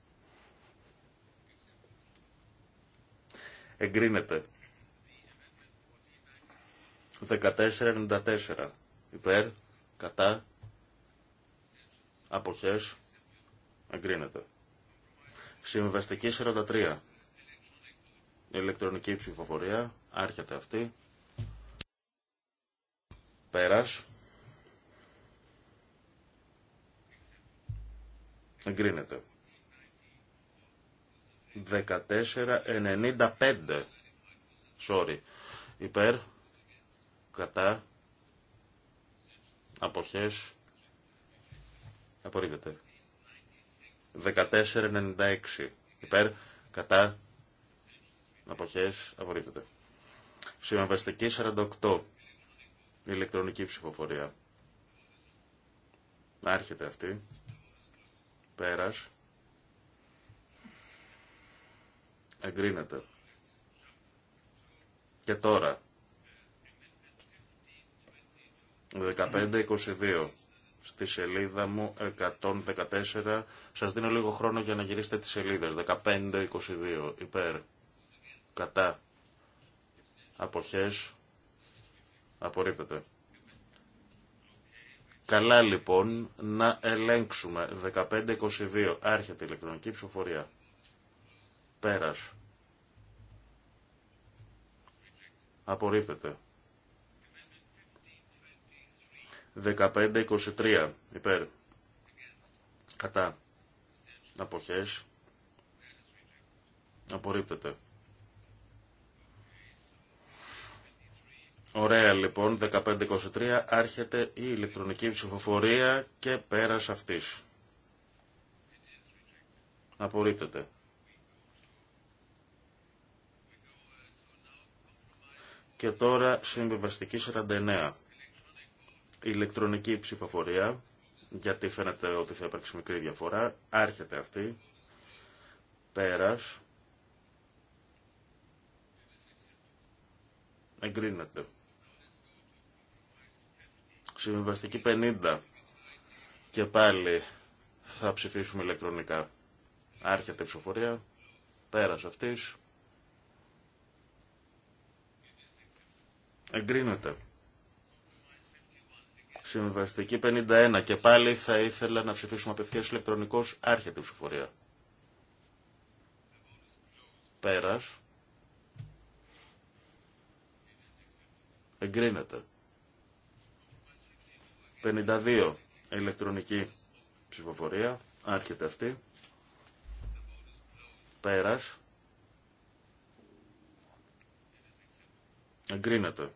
Εγκρίνεται. 1494 υπέρ, κατά, αποχές, εγκρίνεται. Συμβαστική 43. Ηλεκτρονική ψηφοφορία, άρχεται αυτή. Πέρας. Εγκρίνεται. 14.95. Sorry. Υπέρ. Κατά αποχές απορρίπτεται. 1496 υπέρ κατά αποχές απορρίπτεται. Συμβαστική 48 ηλεκτρονική ψηφοφορία. έρχεται αυτή. Πέρας. Εγκρίνεται. Και τώρα 15-22 στη σελίδα μου 114. Σας δίνω λίγο χρόνο για να γυρίσετε τις σελίδες. 15-22 υπέρ κατά αποχές απορρίπτεται. Καλά λοιπόν να ελέγξουμε 15-22 άρχεται η ηλεκτρονική ψηφοφορία. Πέρας. Απορρίπτεται. 15-23 υπέρ. Κατά. Αποχές. Απορρίπτεται. Ωραία λοιπόν, 15-23 άρχεται η ηλεκτρονική ψηφοφορία και πέρας αυτής. Απορρίπτεται. Και τώρα συμβιβαστική 49 ηλεκτρονική ψηφοφορία, γιατί φαίνεται ότι θα υπάρξει μικρή διαφορά. Άρχεται αυτή. Πέρας. Εγκρίνεται. Συμβαστική 50. Και πάλι θα ψηφίσουμε ηλεκτρονικά. Άρχεται η ψηφοφορία. Πέρας αυτής. Εγκρίνεται. Συμβαστική 51. Και πάλι θα ήθελα να ψηφίσουμε απευθείας ηλεκτρονικός άρχεται η ψηφορία. Πέρας. Εγκρίνεται. 52. Ηλεκτρονική ψηφοφορία. Άρχεται αυτή. Πέρας. Εγκρίνεται.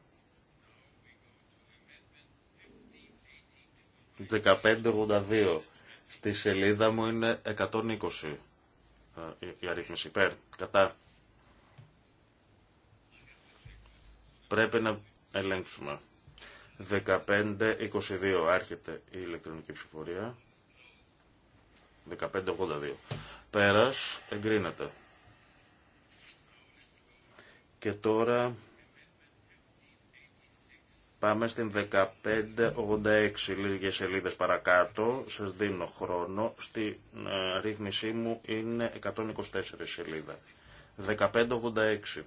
1582. Στη σελίδα μου είναι 120 ε, η αρρύθμιση υπέρ. Κατά. Πρέπει να ελεγξουμε 1522. άρχεται η ηλεκτρονική 1582. Πέρας εγκρίνεται. Και τώρα Πάμε στην 1586, λίγες σελίδες παρακάτω, σας δίνω χρόνο, Στη ε, ρύθμισή μου είναι 124 σελίδα. 1586.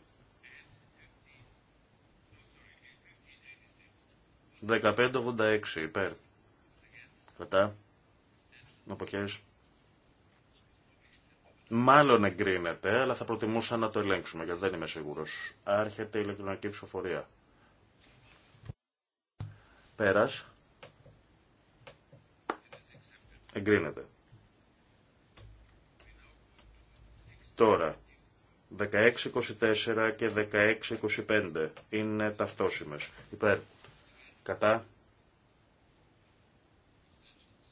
1586 υπέρ. Κατά. Αποχές. Μάλλον εγκρίνεται, αλλά θα προτιμούσα να το ελέγξουμε, γιατί δεν είμαι σίγουρος. Άρχεται η ηλεκτρονική ψηφοφορία. Πέρας. Εγκρίνεται. Τώρα, 16.24 και 16.25 είναι ταυτόσιμες. Υπέρ. Κατά.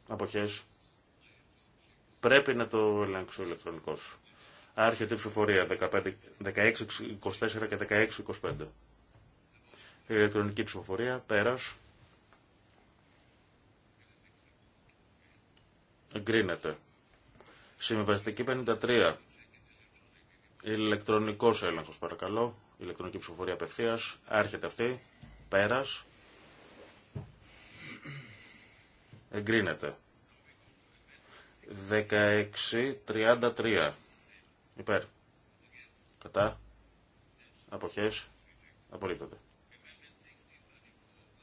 Αποχές. Πρέπει να το ελέγξω ηλεκτρονικός. Άρχεται η ψηφοφορία 16.24 και 16.25. Η ηλεκτρονική ψηφοφορία πέρας. Εγκρίνεται. Συμβαστική 53. Ηλεκτρονικός ελεγχο παρακαλώ. Ηλεκτρονική ψηφοφορία απευθεία. Άρχεται αυτή. Πέρας. Εγκρίνεται. 16.33. Υπέρ. Κατά. Αποχές. Απορρίπτεται.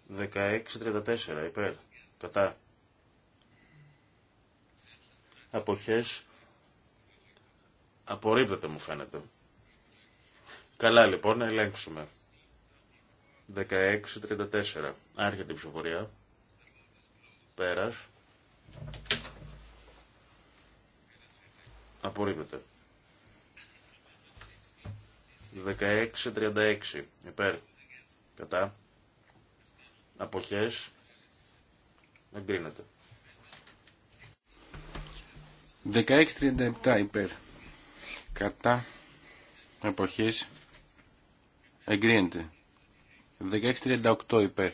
16.34. Υπέρ. Κατά αποχές απορρίπτεται μου φαίνεται. Καλά λοιπόν, να ελέγξουμε. 16.34. Άρχεται η ψηφοφορία. Πέρας. Απορρίπτεται. 16.36. Υπέρ. Κατά. Αποχές. Εγκρίνεται. 16.37 υπέρ. Κατά εποχές εγκρίνεται. 16.38 υπέρ.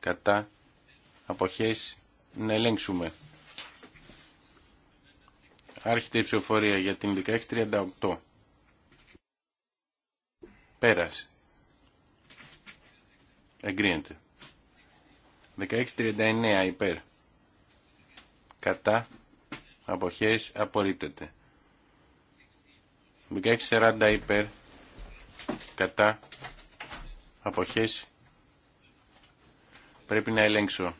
Κατά αποχές να ελέγξουμε. Άρχεται η ψηφοφορία για την 16.38. Πέρασε. Εγκρίνεται. 16.39 υπέρ. Κατά αποχές απορρίπτεται 1640 υπέρ κατά αποχές πρέπει να ελέγξω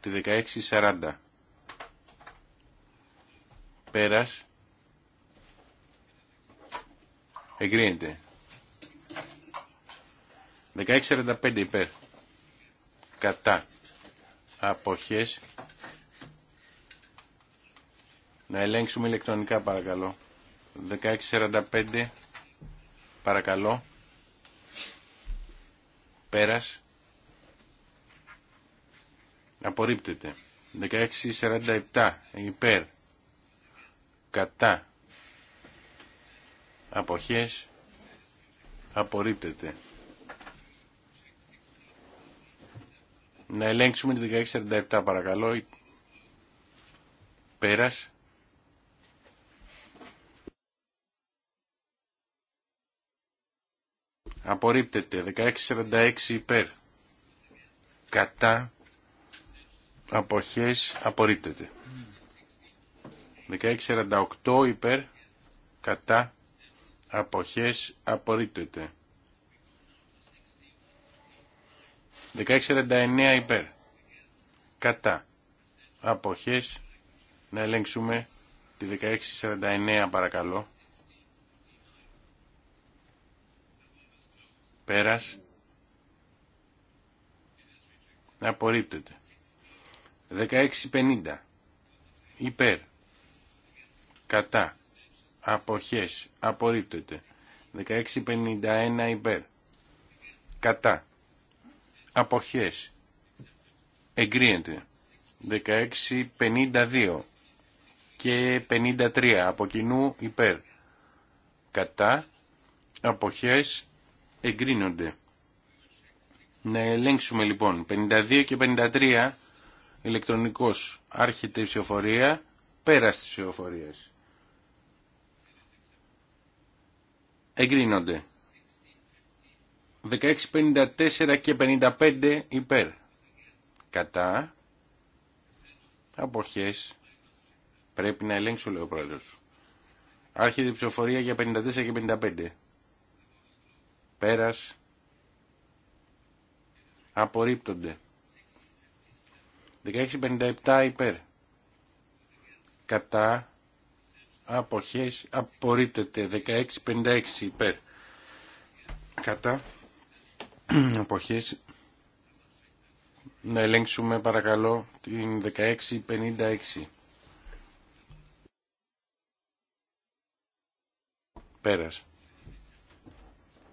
τη 1640 πέρας εγκρίνεται 1645 υπέρ κατά αποχές να ελέγξουμε ηλεκτρονικά παρακαλώ. 1645 παρακαλώ. Πέρας. Απορρίπτεται. 1647 υπέρ. Κατά. Αποχές. Απορρίπτεται. Να ελέγξουμε τη 1647 παρακαλώ. Πέρας. Απορρίπτεται. 1646 υπέρ. Κατά. Αποχές. Απορρίπτεται. 1648 υπέρ. Κατά. Αποχές. Απορρίπτεται. 1649 υπέρ. Κατά. Αποχές. Να ελέγξουμε τη 1649 παρακαλώ. Πέρας. Απορρίπτεται. 16.50. Υπέρ. Κατά. Αποχές. Απορρίπτεται. 16.51 υπέρ. Κατά. Αποχές. Εγκρίνεται. 16.52 και 53 από κοινού υπέρ. Κατά. Αποχές εγκρίνονται. Να ελέγξουμε λοιπόν 52 και 53 ηλεκτρονικός άρχεται η ψηφοφορία πέρας της ψηφοφορίας. Εγκρίνονται. 16, 54 και 55 υπέρ. Κατά. Αποχές. Πρέπει να ελέγξω λέει ο πρόεδρος. Άρχεται η ψηφοφορία για 54 και 55. Πέρας. Απορρίπτονται. 1657 υπέρ. Κατά. Αποχές. Απορρίπτεται. 1656 υπέρ. Κατά. *clears throat* Αποχές. Να ελέγξουμε παρακαλώ την 1656. Πέρας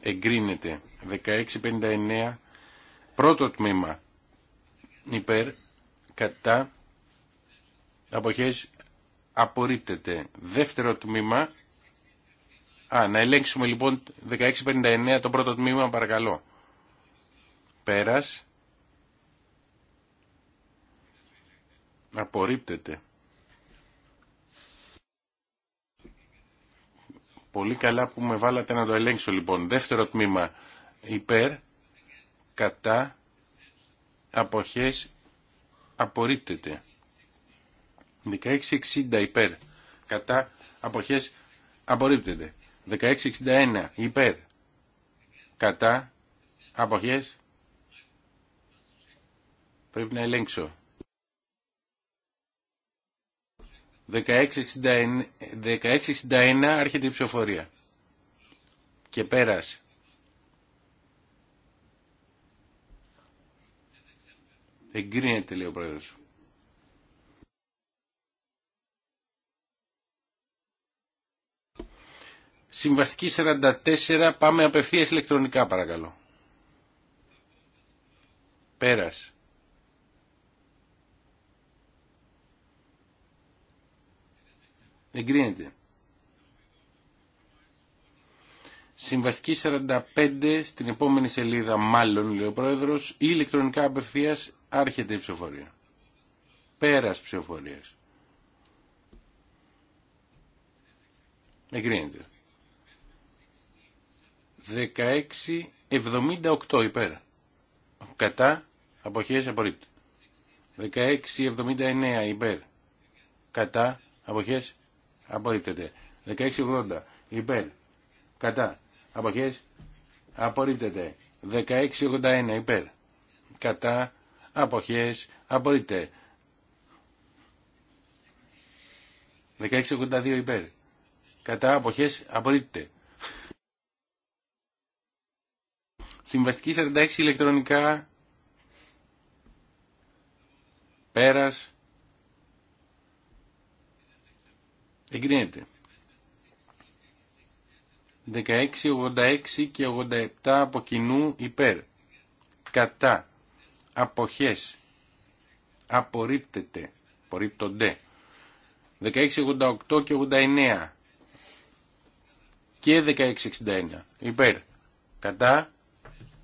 εγκρίνεται 1659 πρώτο τμήμα υπέρ κατά αποχές απορρίπτεται δεύτερο τμήμα Α, να ελέγξουμε λοιπόν 1659 το πρώτο τμήμα παρακαλώ πέρας απορρίπτεται Πολύ καλά που με βάλατε να το ελέγξω λοιπόν. Δεύτερο τμήμα υπέρ, κατά, αποχές, απορρίπτεται. 1660 υπέρ, κατά, αποχές, απορρίπτεται. 1661 υπέρ, κατά, αποχές, πρέπει να ελέγξω. 1661, 1661 η ψηφοφορία. Και πέρασε. Εγκρίνεται, λέει ο πρόεδρος. Συμβαστική 44, πάμε απευθείας ηλεκτρονικά παρακαλώ. Πέρασε. Εγκρίνεται. Συμβαστική 45 στην επόμενη σελίδα μάλλον, λέει ο Πρόεδρος, ή ηλεκτρονικά απευθείας άρχεται η ψηφοφορία. Πέρας ψηφοφορίας. Εγκρίνεται. 16.78 υπέρ. Κατά αποχές απορρίπτει. 16.79 υπέρ. Κατά αποχές απορρίπτεται. 1680 υπέρ, κατά, αποχές, απορρίπτεται. 1681 υπέρ, κατά, αποχές, απορρίπτεται. 1682 υπέρ, κατά, αποχές, απορρίπτεται. Συμβαστική 46 ηλεκτρονικά, πέρας, Εγκρίνεται. 16, 86 και 87 από κοινού υπέρ. Κατά. Αποχές. Απορρίπτεται. Απορρίπτονται. 16, 88 και 89. Και 16, Υπέρ. Κατά.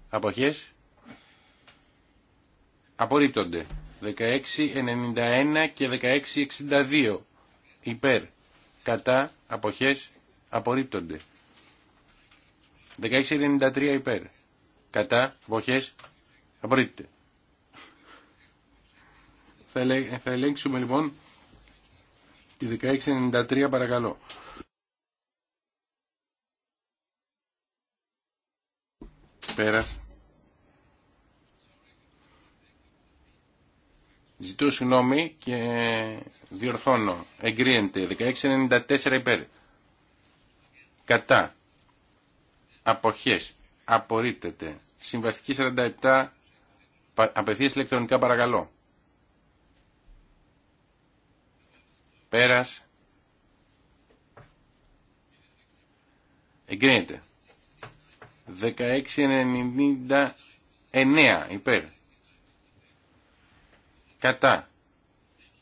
Αποχές. Απορρίπτονται. 16, 91 και 1662 Υπέρ κατά αποχές απορρίπτονται. 1693 υπέρ κατά αποχές απορρίπτεται. Θα ελέγξουμε λοιπόν τη 1693 παρακαλώ. Πέρα. Ζητώ συγγνώμη και διορθώνω. Εγκρίνεται 1694 υπέρ. Κατά. Αποχές. Απορρίπτεται. Συμβαστική 47. Απευθείας ηλεκτρονικά παρακαλώ. Πέρας. Εγκρίνεται. 1699 υπέρ. Κατά.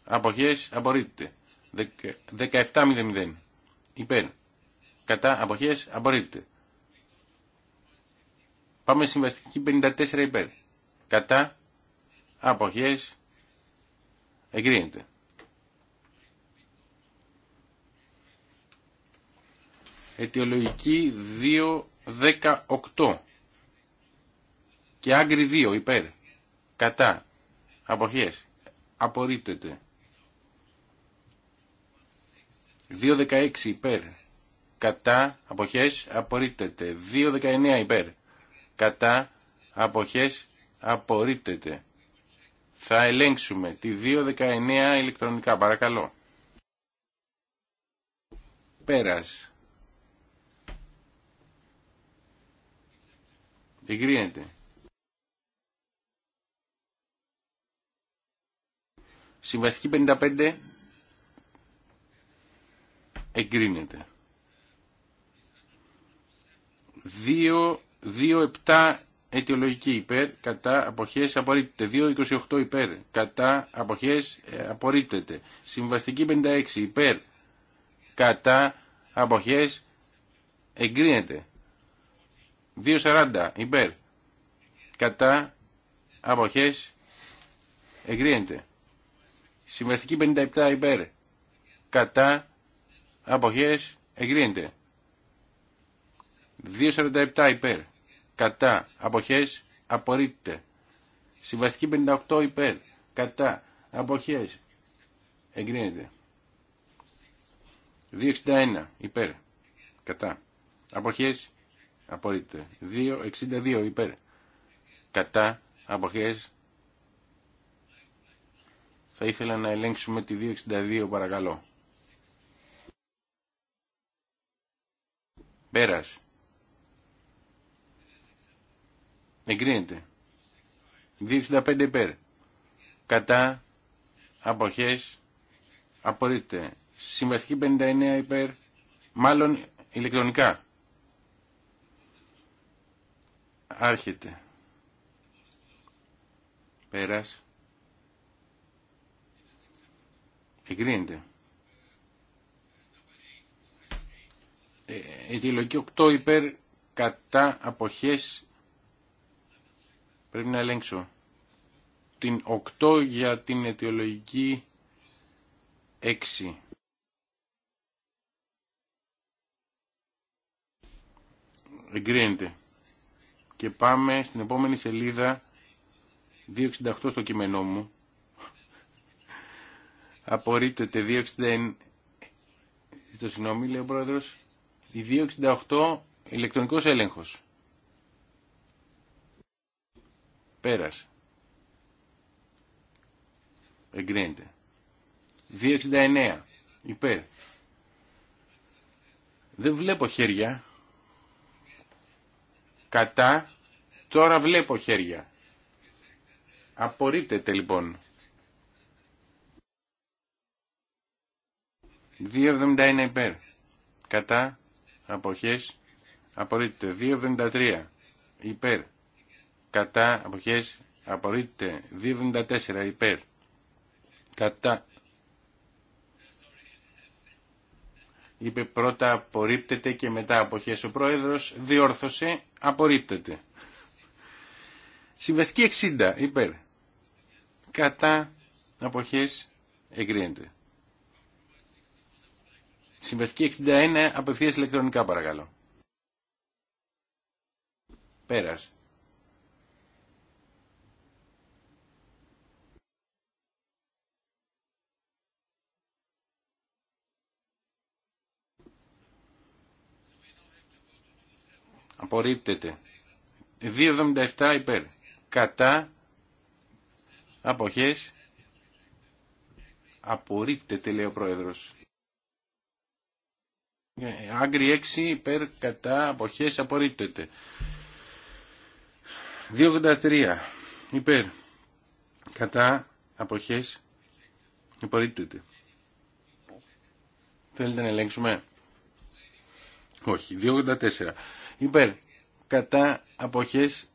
Αποχές απορρίπτεται. 17.00. Υπέρ. Κατά. Αποχές απορρίπτεται. Πάμε συμβαστική 54 υπέρ. Κατά. Αποχές. Εγκρίνεται. Αιτιολογική 2.18 και άγκρι 2 υπέρ. Κατά. Αποχές. Απορρίπτεται. 2.16 υπέρ. Κατά. Αποχές. Απορρίπτεται. 2.19 υπέρ. Κατά. Αποχές. Απορρίπτεται. Θα ελέγξουμε τη 2.19 ηλεκτρονικά. Παρακαλώ. Πέρας. Εγκρίνεται. Συμβαστική 55 εγκρίνεται. 2, 7 αιτιολογική υπέρ, κατά αποχές απορρίπτεται. 2, 28 υπέρ, κατά αποχές ε, απορρίπτεται. Συμβαστική 56 υπέρ, κατά αποχές εγκρίνεται. 2,40 υπέρ, κατά αποχές εγκρίνεται. Συμβαστική 57 υπέρ. Κατά αποχές εγκρίνεται. 2.47 υπέρ. Κατά αποχές απορρίπτεται. Συμβαστική 58 υπέρ. Κατά αποχές εγκρίνεται. 2.61 υπέρ. Κατά. Αποχές απορρίπτεται. 2.62 υπέρ. Κατά αποχές θα ήθελα να ελέγξουμε τη 262 παρακαλώ. Πέρας. Εγκρίνεται. 265 υπέρ. Κατά. Αποχές. Απορρίπτε. Συμβαστική 59 υπέρ. Μάλλον ηλεκτρονικά. Άρχεται. Πέρας. Εγκρίνεται. Ε, αιτιολογική 8 υπέρ κατά αποχές πρέπει να ελέγξω την 8 για την αιτιολογική 6. Εγκρίνεται. Και πάμε στην επόμενη σελίδα 268 στο κείμενό μου απορρίπτεται 269 στο συγγνώμη λέει ο πρόεδρος η 268 ηλεκτρονικός έλεγχος πέρασε εγκρίνεται 269 υπέρ δεν βλέπω χέρια κατά τώρα βλέπω χέρια απορρίπτεται λοιπόν 2.71 υπέρ. Κατά. Αποχές. Απορρίπτεται. 2.73 υπέρ. Κατά. Αποχές. Απορρίπτεται. 2.74 υπέρ. Κατά. Είπε πρώτα απορρίπτεται και μετά αποχές. Ο πρόεδρος διόρθωσε απορρίπτεται. Συμβαστική 60 υπέρ. Κατά αποχές εγκρίνεται. Συμβαστική 61 απευθείας ηλεκτρονικά παρακαλώ. Πέρας. Απορρίπτεται. 2,77 υπέρ. Κατά. Αποχές. Απορρίπτεται λέει ο Πρόεδρος. Ναι, άγκρι 6 υπέρ κατά αποχές απορρίπτεται. 283 υπέρ κατά αποχές απορρίπτεται. Θέλετε να ελέγξουμε. Όχι. 284 υπέρ κατά αποχές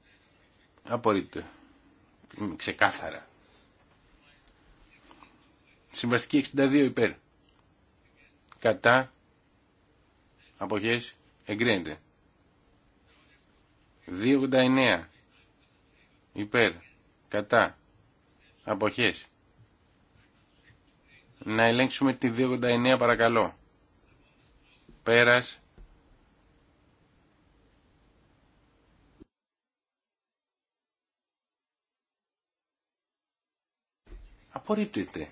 απορρίπτεται. Ξεκάθαρα. Συμβαστική 62 υπέρ. Κατά αποχές εγκρίνεται. 289 υπέρ κατά αποχές. Να ελέγξουμε τη 289 παρακαλώ. Πέρας. Απορρίπτεται.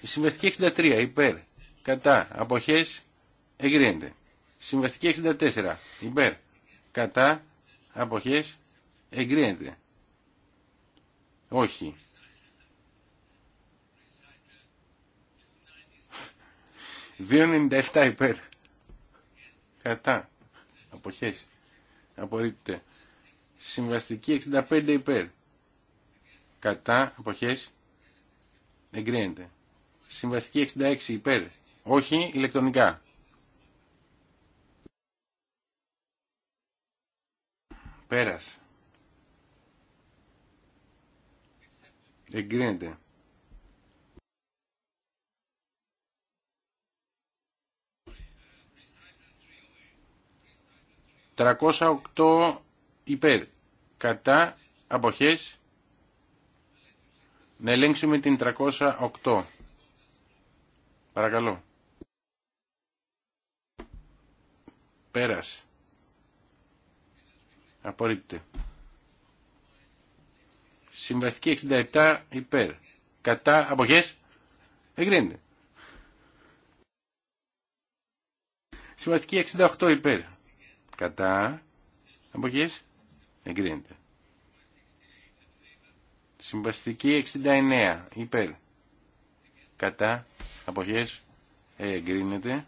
Η συμβαστική 63 υπέρ κατά αποχές εγκρίνεται. Συμβαστική 64. Υπέρ. Κατά. Αποχές. Εγκρίνεται. Όχι. Δύο υπέρ. Κατά. Αποχές. Απορρίπτεται. Συμβαστική 65 υπέρ. Κατά. Αποχές. Εγκρίνεται. Συμβαστική 66 υπέρ. Όχι ηλεκτρονικά. Πέρας. Εγκρίνεται. οκτώ υπέρ. Κατά αποχές να ελέγξουμε την 308. Παρακαλώ. Πέρασε. Απορρίπτεται. Συμβαστική 67 υπέρ. Κατά αποχές εγκρίνεται. Συμβαστική 68 υπέρ. Κατά αποχές εγκρίνεται. Συμβαστική 69 υπέρ. Κατά αποχές εγκρίνεται.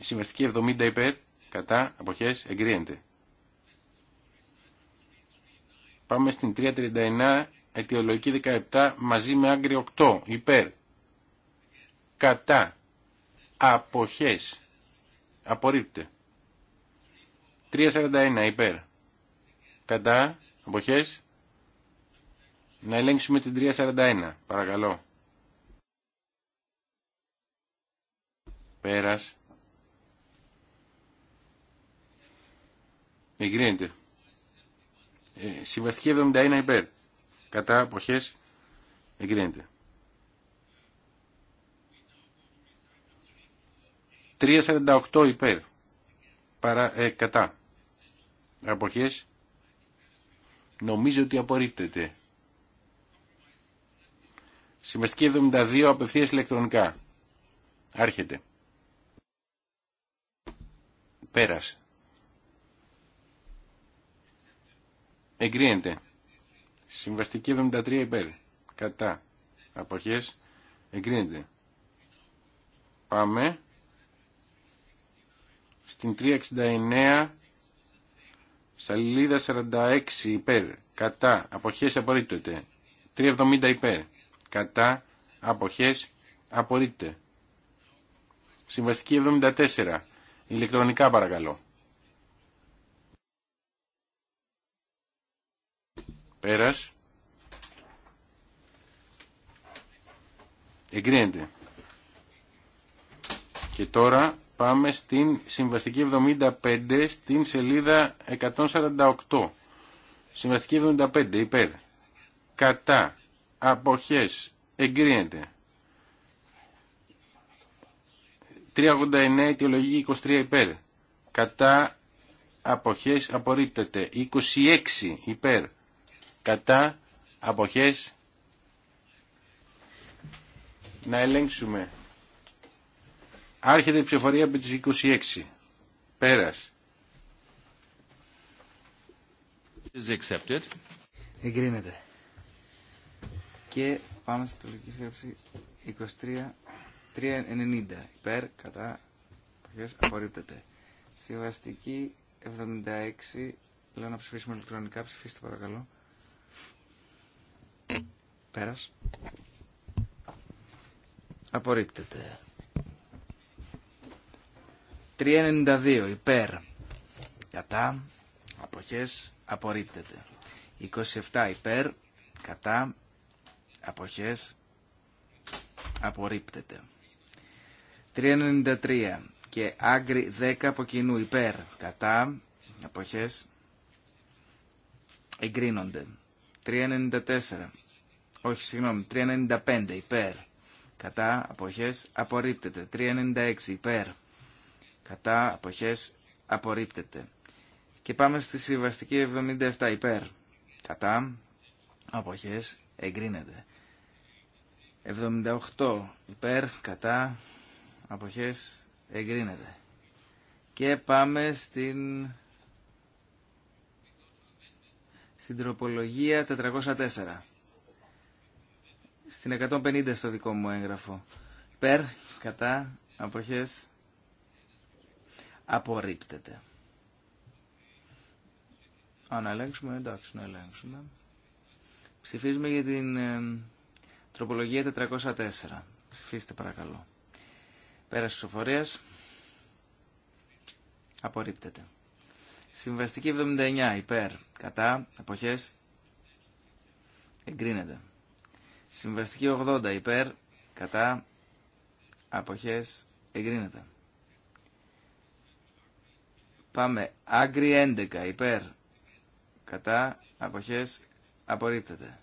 Συμβαστική 70 υπέρ κατά αποχές εγκρίνεται. Πάμε στην 339 αιτιολογική 17 μαζί με άγκρι 8 υπέρ κατά αποχές Απορρίπτε. 341 υπέρ κατά αποχές να ελέγξουμε την 341 παρακαλώ. Πέρας. εγκρίνεται. Ε, συμβαστική 71 υπέρ. Κατά αποχές εγκρίνεται. 3.48 υπέρ. Παρά, ε, κατά. Αποχές. Νομίζω ότι απορρίπτεται. Συμβαστική 72 απευθείας ηλεκτρονικά. Άρχεται. Πέρασε. εγκρίνεται. Συμβαστική 73 υπέρ. Κατά. Αποχές. Εγκρίνεται. Πάμε. Στην 369. Σαλίδα 46 υπέρ. Κατά. Αποχές απορρίπτεται. 370 υπέρ. Κατά. Αποχές απορρίπτεται. Συμβαστική 74. Ηλεκτρονικά παρακαλώ. Πέρας. Εγκρίνεται. Και τώρα πάμε στην συμβαστική 75 στην σελίδα 148. Συμβαστική 75 υπέρ. Κατά. Αποχές. Εγκρίνεται. 389 αιτιολογική 23 υπέρ. Κατά αποχές απορρίπτεται. 26 υπέρ κατά αποχές να ελέγξουμε άρχεται η ψηφορία από τις 26 πέρας is accepted. εγκρίνεται και πάμε στη τελική σκέψη 23 390 υπέρ κατά αποχές απορρίπτεται συμβαστική 76 λέω να ψηφίσουμε ηλεκτρονικά ψηφίστε παρακαλώ Πέρας. Απορρίπτεται. 392 υπέρ. Κατά. Αποχές. Απορρίπτεται. 27 υπέρ. Κατά. Αποχές. Απορρίπτεται. 393 και άγκρι 10 από κοινού υπέρ. Κατά. Αποχές. Εγκρίνονται. 394 όχι συγγνώμη, 395 υπέρ. Κατά αποχές απορρίπτεται. 396 υπέρ. Κατά αποχές απορρίπτεται. Και πάμε στη συμβαστική 77 υπέρ. Κατά αποχές εγκρίνεται. 78 υπέρ. Κατά αποχές εγκρίνεται. Και πάμε στην... Στην τροπολογία 404 στην 150 στο δικό μου έγγραφο. Περ, κατά, αποχές, απορρίπτεται. Αν ελέγξουμε, εντάξει, να ελέγξουμε. Ψηφίζουμε για την ε, τροπολογία 404. Ψηφίστε παρακαλώ. Πέραση οφορίας. Απορρίπτεται. Συμβαστική 79, υπέρ, κατά, αποχές, εγκρίνεται. Συμβαστική 80 υπέρ, κατά, αποχές, εγκρίνεται. Πάμε, άγκρι 11 υπέρ, κατά, αποχές, απορρίπτεται.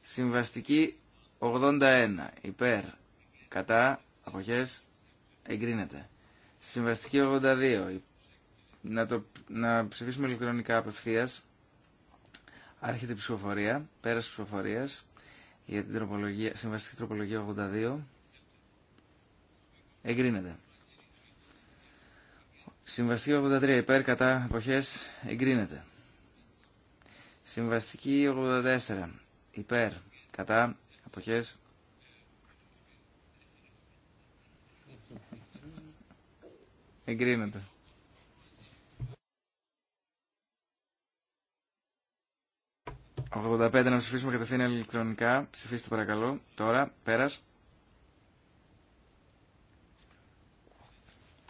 Συμβαστική 81 υπέρ, κατά, αποχές, εγκρίνεται. Συμβαστική 82, να, το, να ψηφίσουμε ηλεκτρονικά απευθείας, άρχεται η ψηφοφορία, πέρας ψηφοφορίας, για την τροπολογία, συμβαστική τροπολογία 82 εγκρίνεται. Συμβαστική 83 υπέρ κατά εποχές εγκρίνεται. Συμβαστική 84 υπέρ κατά εποχές εγκρίνεται. 85 να ψηφίσουμε κατευθείαν ηλεκτρονικά. Ψηφίστε παρακαλώ. Τώρα, πέρας.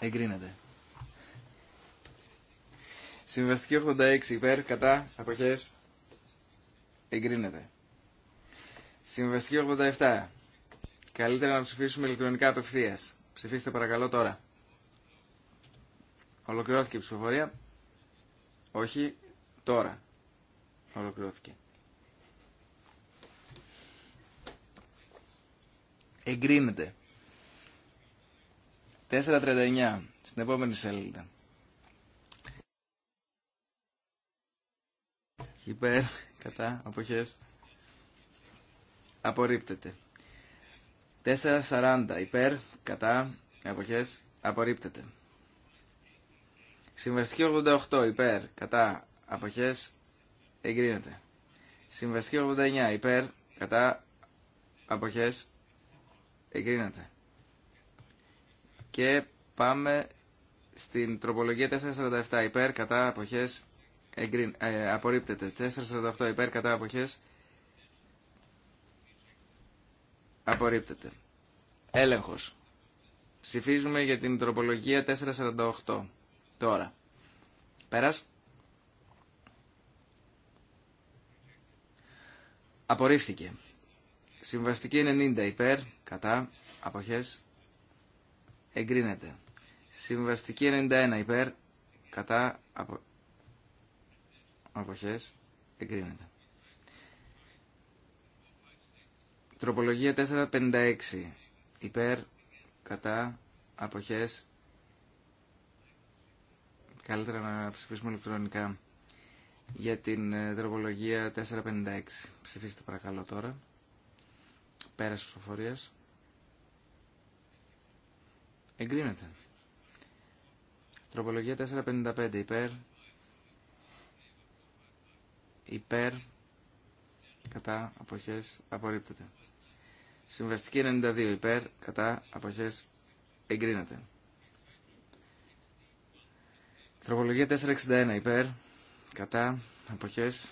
Εγκρίνεται. Συμβαστική 86 υπέρ, κατά, αποχές. Εγκρίνεται. Συμβαστική 87. Καλύτερα να ψηφίσουμε ηλεκτρονικά απευθεία. Ψηφίστε παρακαλώ τώρα. Ολοκληρώθηκε η ψηφοφορία. Όχι, τώρα. Ολοκληρώθηκε. εγκρίνεται. 4.39 στην επόμενη σελίδα. Υπέρ, κατά, αποχές. Απορρίπτεται. 4.40 υπέρ, κατά, αποχές. Απορρίπτεται. Συμβαστική 88 υπέρ, κατά, αποχές. Εγκρίνεται. Συμβαστική 89 υπέρ, κατά, αποχές Εγκρίνεται. Και πάμε στην τροπολογία 447 υπέρ κατά αποχές ε, απορρίπτεται. 448 υπέρ κατά αποχές απορρίπτεται. Έλεγχος. Ψηφίζουμε για την τροπολογία 448 τώρα. Πέρας. Απορρίφθηκε. Συμβαστική 90 υπέρ, κατά, αποχές, εγκρίνεται. Συμβαστική 91 υπέρ, κατά, απο... αποχές, εγκρίνεται. Τροπολογία 456 υπέρ, κατά, αποχές, καλύτερα να ψηφίσουμε ηλεκτρονικά για την ε, τροπολογία 456. Ψηφίστε παρακαλώ τώρα. Πέρας ψηφοφορίας. Εγκρίνεται. Τροπολογία 455 υπέρ. Υπέρ. Κατά αποχές απορρίπτεται. Συμβαστική 92 υπέρ. Κατά αποχές εγκρίνεται. Τροπολογία 461 υπέρ. Κατά αποχές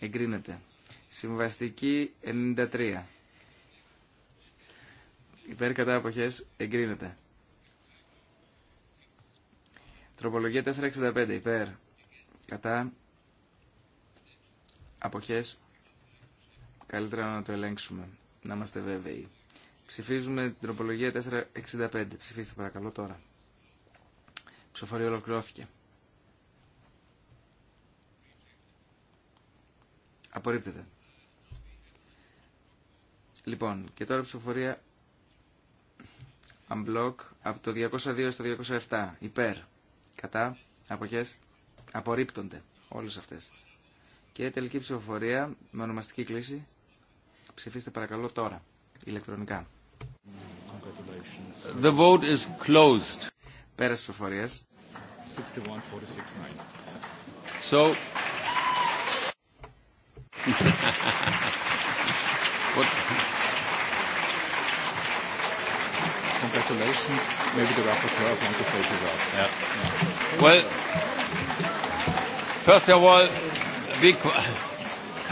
εγκρίνεται. Συμβαστική 93 Υπέρ κατά αποχές εγκρίνεται. Τροπολογία 465 υπέρ κατά αποχές καλύτερα να το ελέγξουμε, να είμαστε βέβαιοι. Ψηφίζουμε την τροπολογία 465. Ψηφίστε παρακαλώ τώρα. Ψηφοφορία ολοκληρώθηκε. Απορρίπτεται. Λοιπόν, και τώρα ψηφοφορία unblock από το 202 στο 207 υπέρ κατά αποχές απορρίπτονται όλες αυτές και τελική ψηφοφορία με ονομαστική κλίση ψηφίστε παρακαλώ τώρα ηλεκτρονικά The vote is closed. περασε ψηφοφορίας 61, So *laughs* What? congratulations. Maybe the rapporteurs want to say few words. Yeah. Well, first of all, big...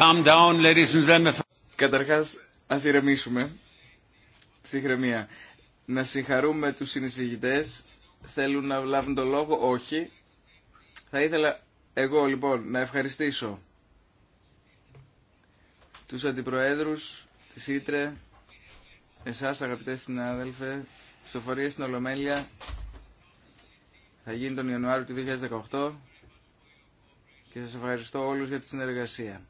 calm down, ladies and gentlemen. Καταρχάς, ας ηρεμήσουμε. Ψυχραιμία. Να συγχαρούμε τους συνεισηγητές. Θέλουν να λάβουν το λόγο. Όχι. Θα ήθελα εγώ λοιπόν να ευχαριστήσω τους αντιπροέδρους της Ήτρε, εσάς αγαπητέ συνάδελφε, ψηφοφορία στην Ολομέλεια θα γίνει τον Ιανουάριο του 2018 και σας ευχαριστώ όλους για τη συνεργασία.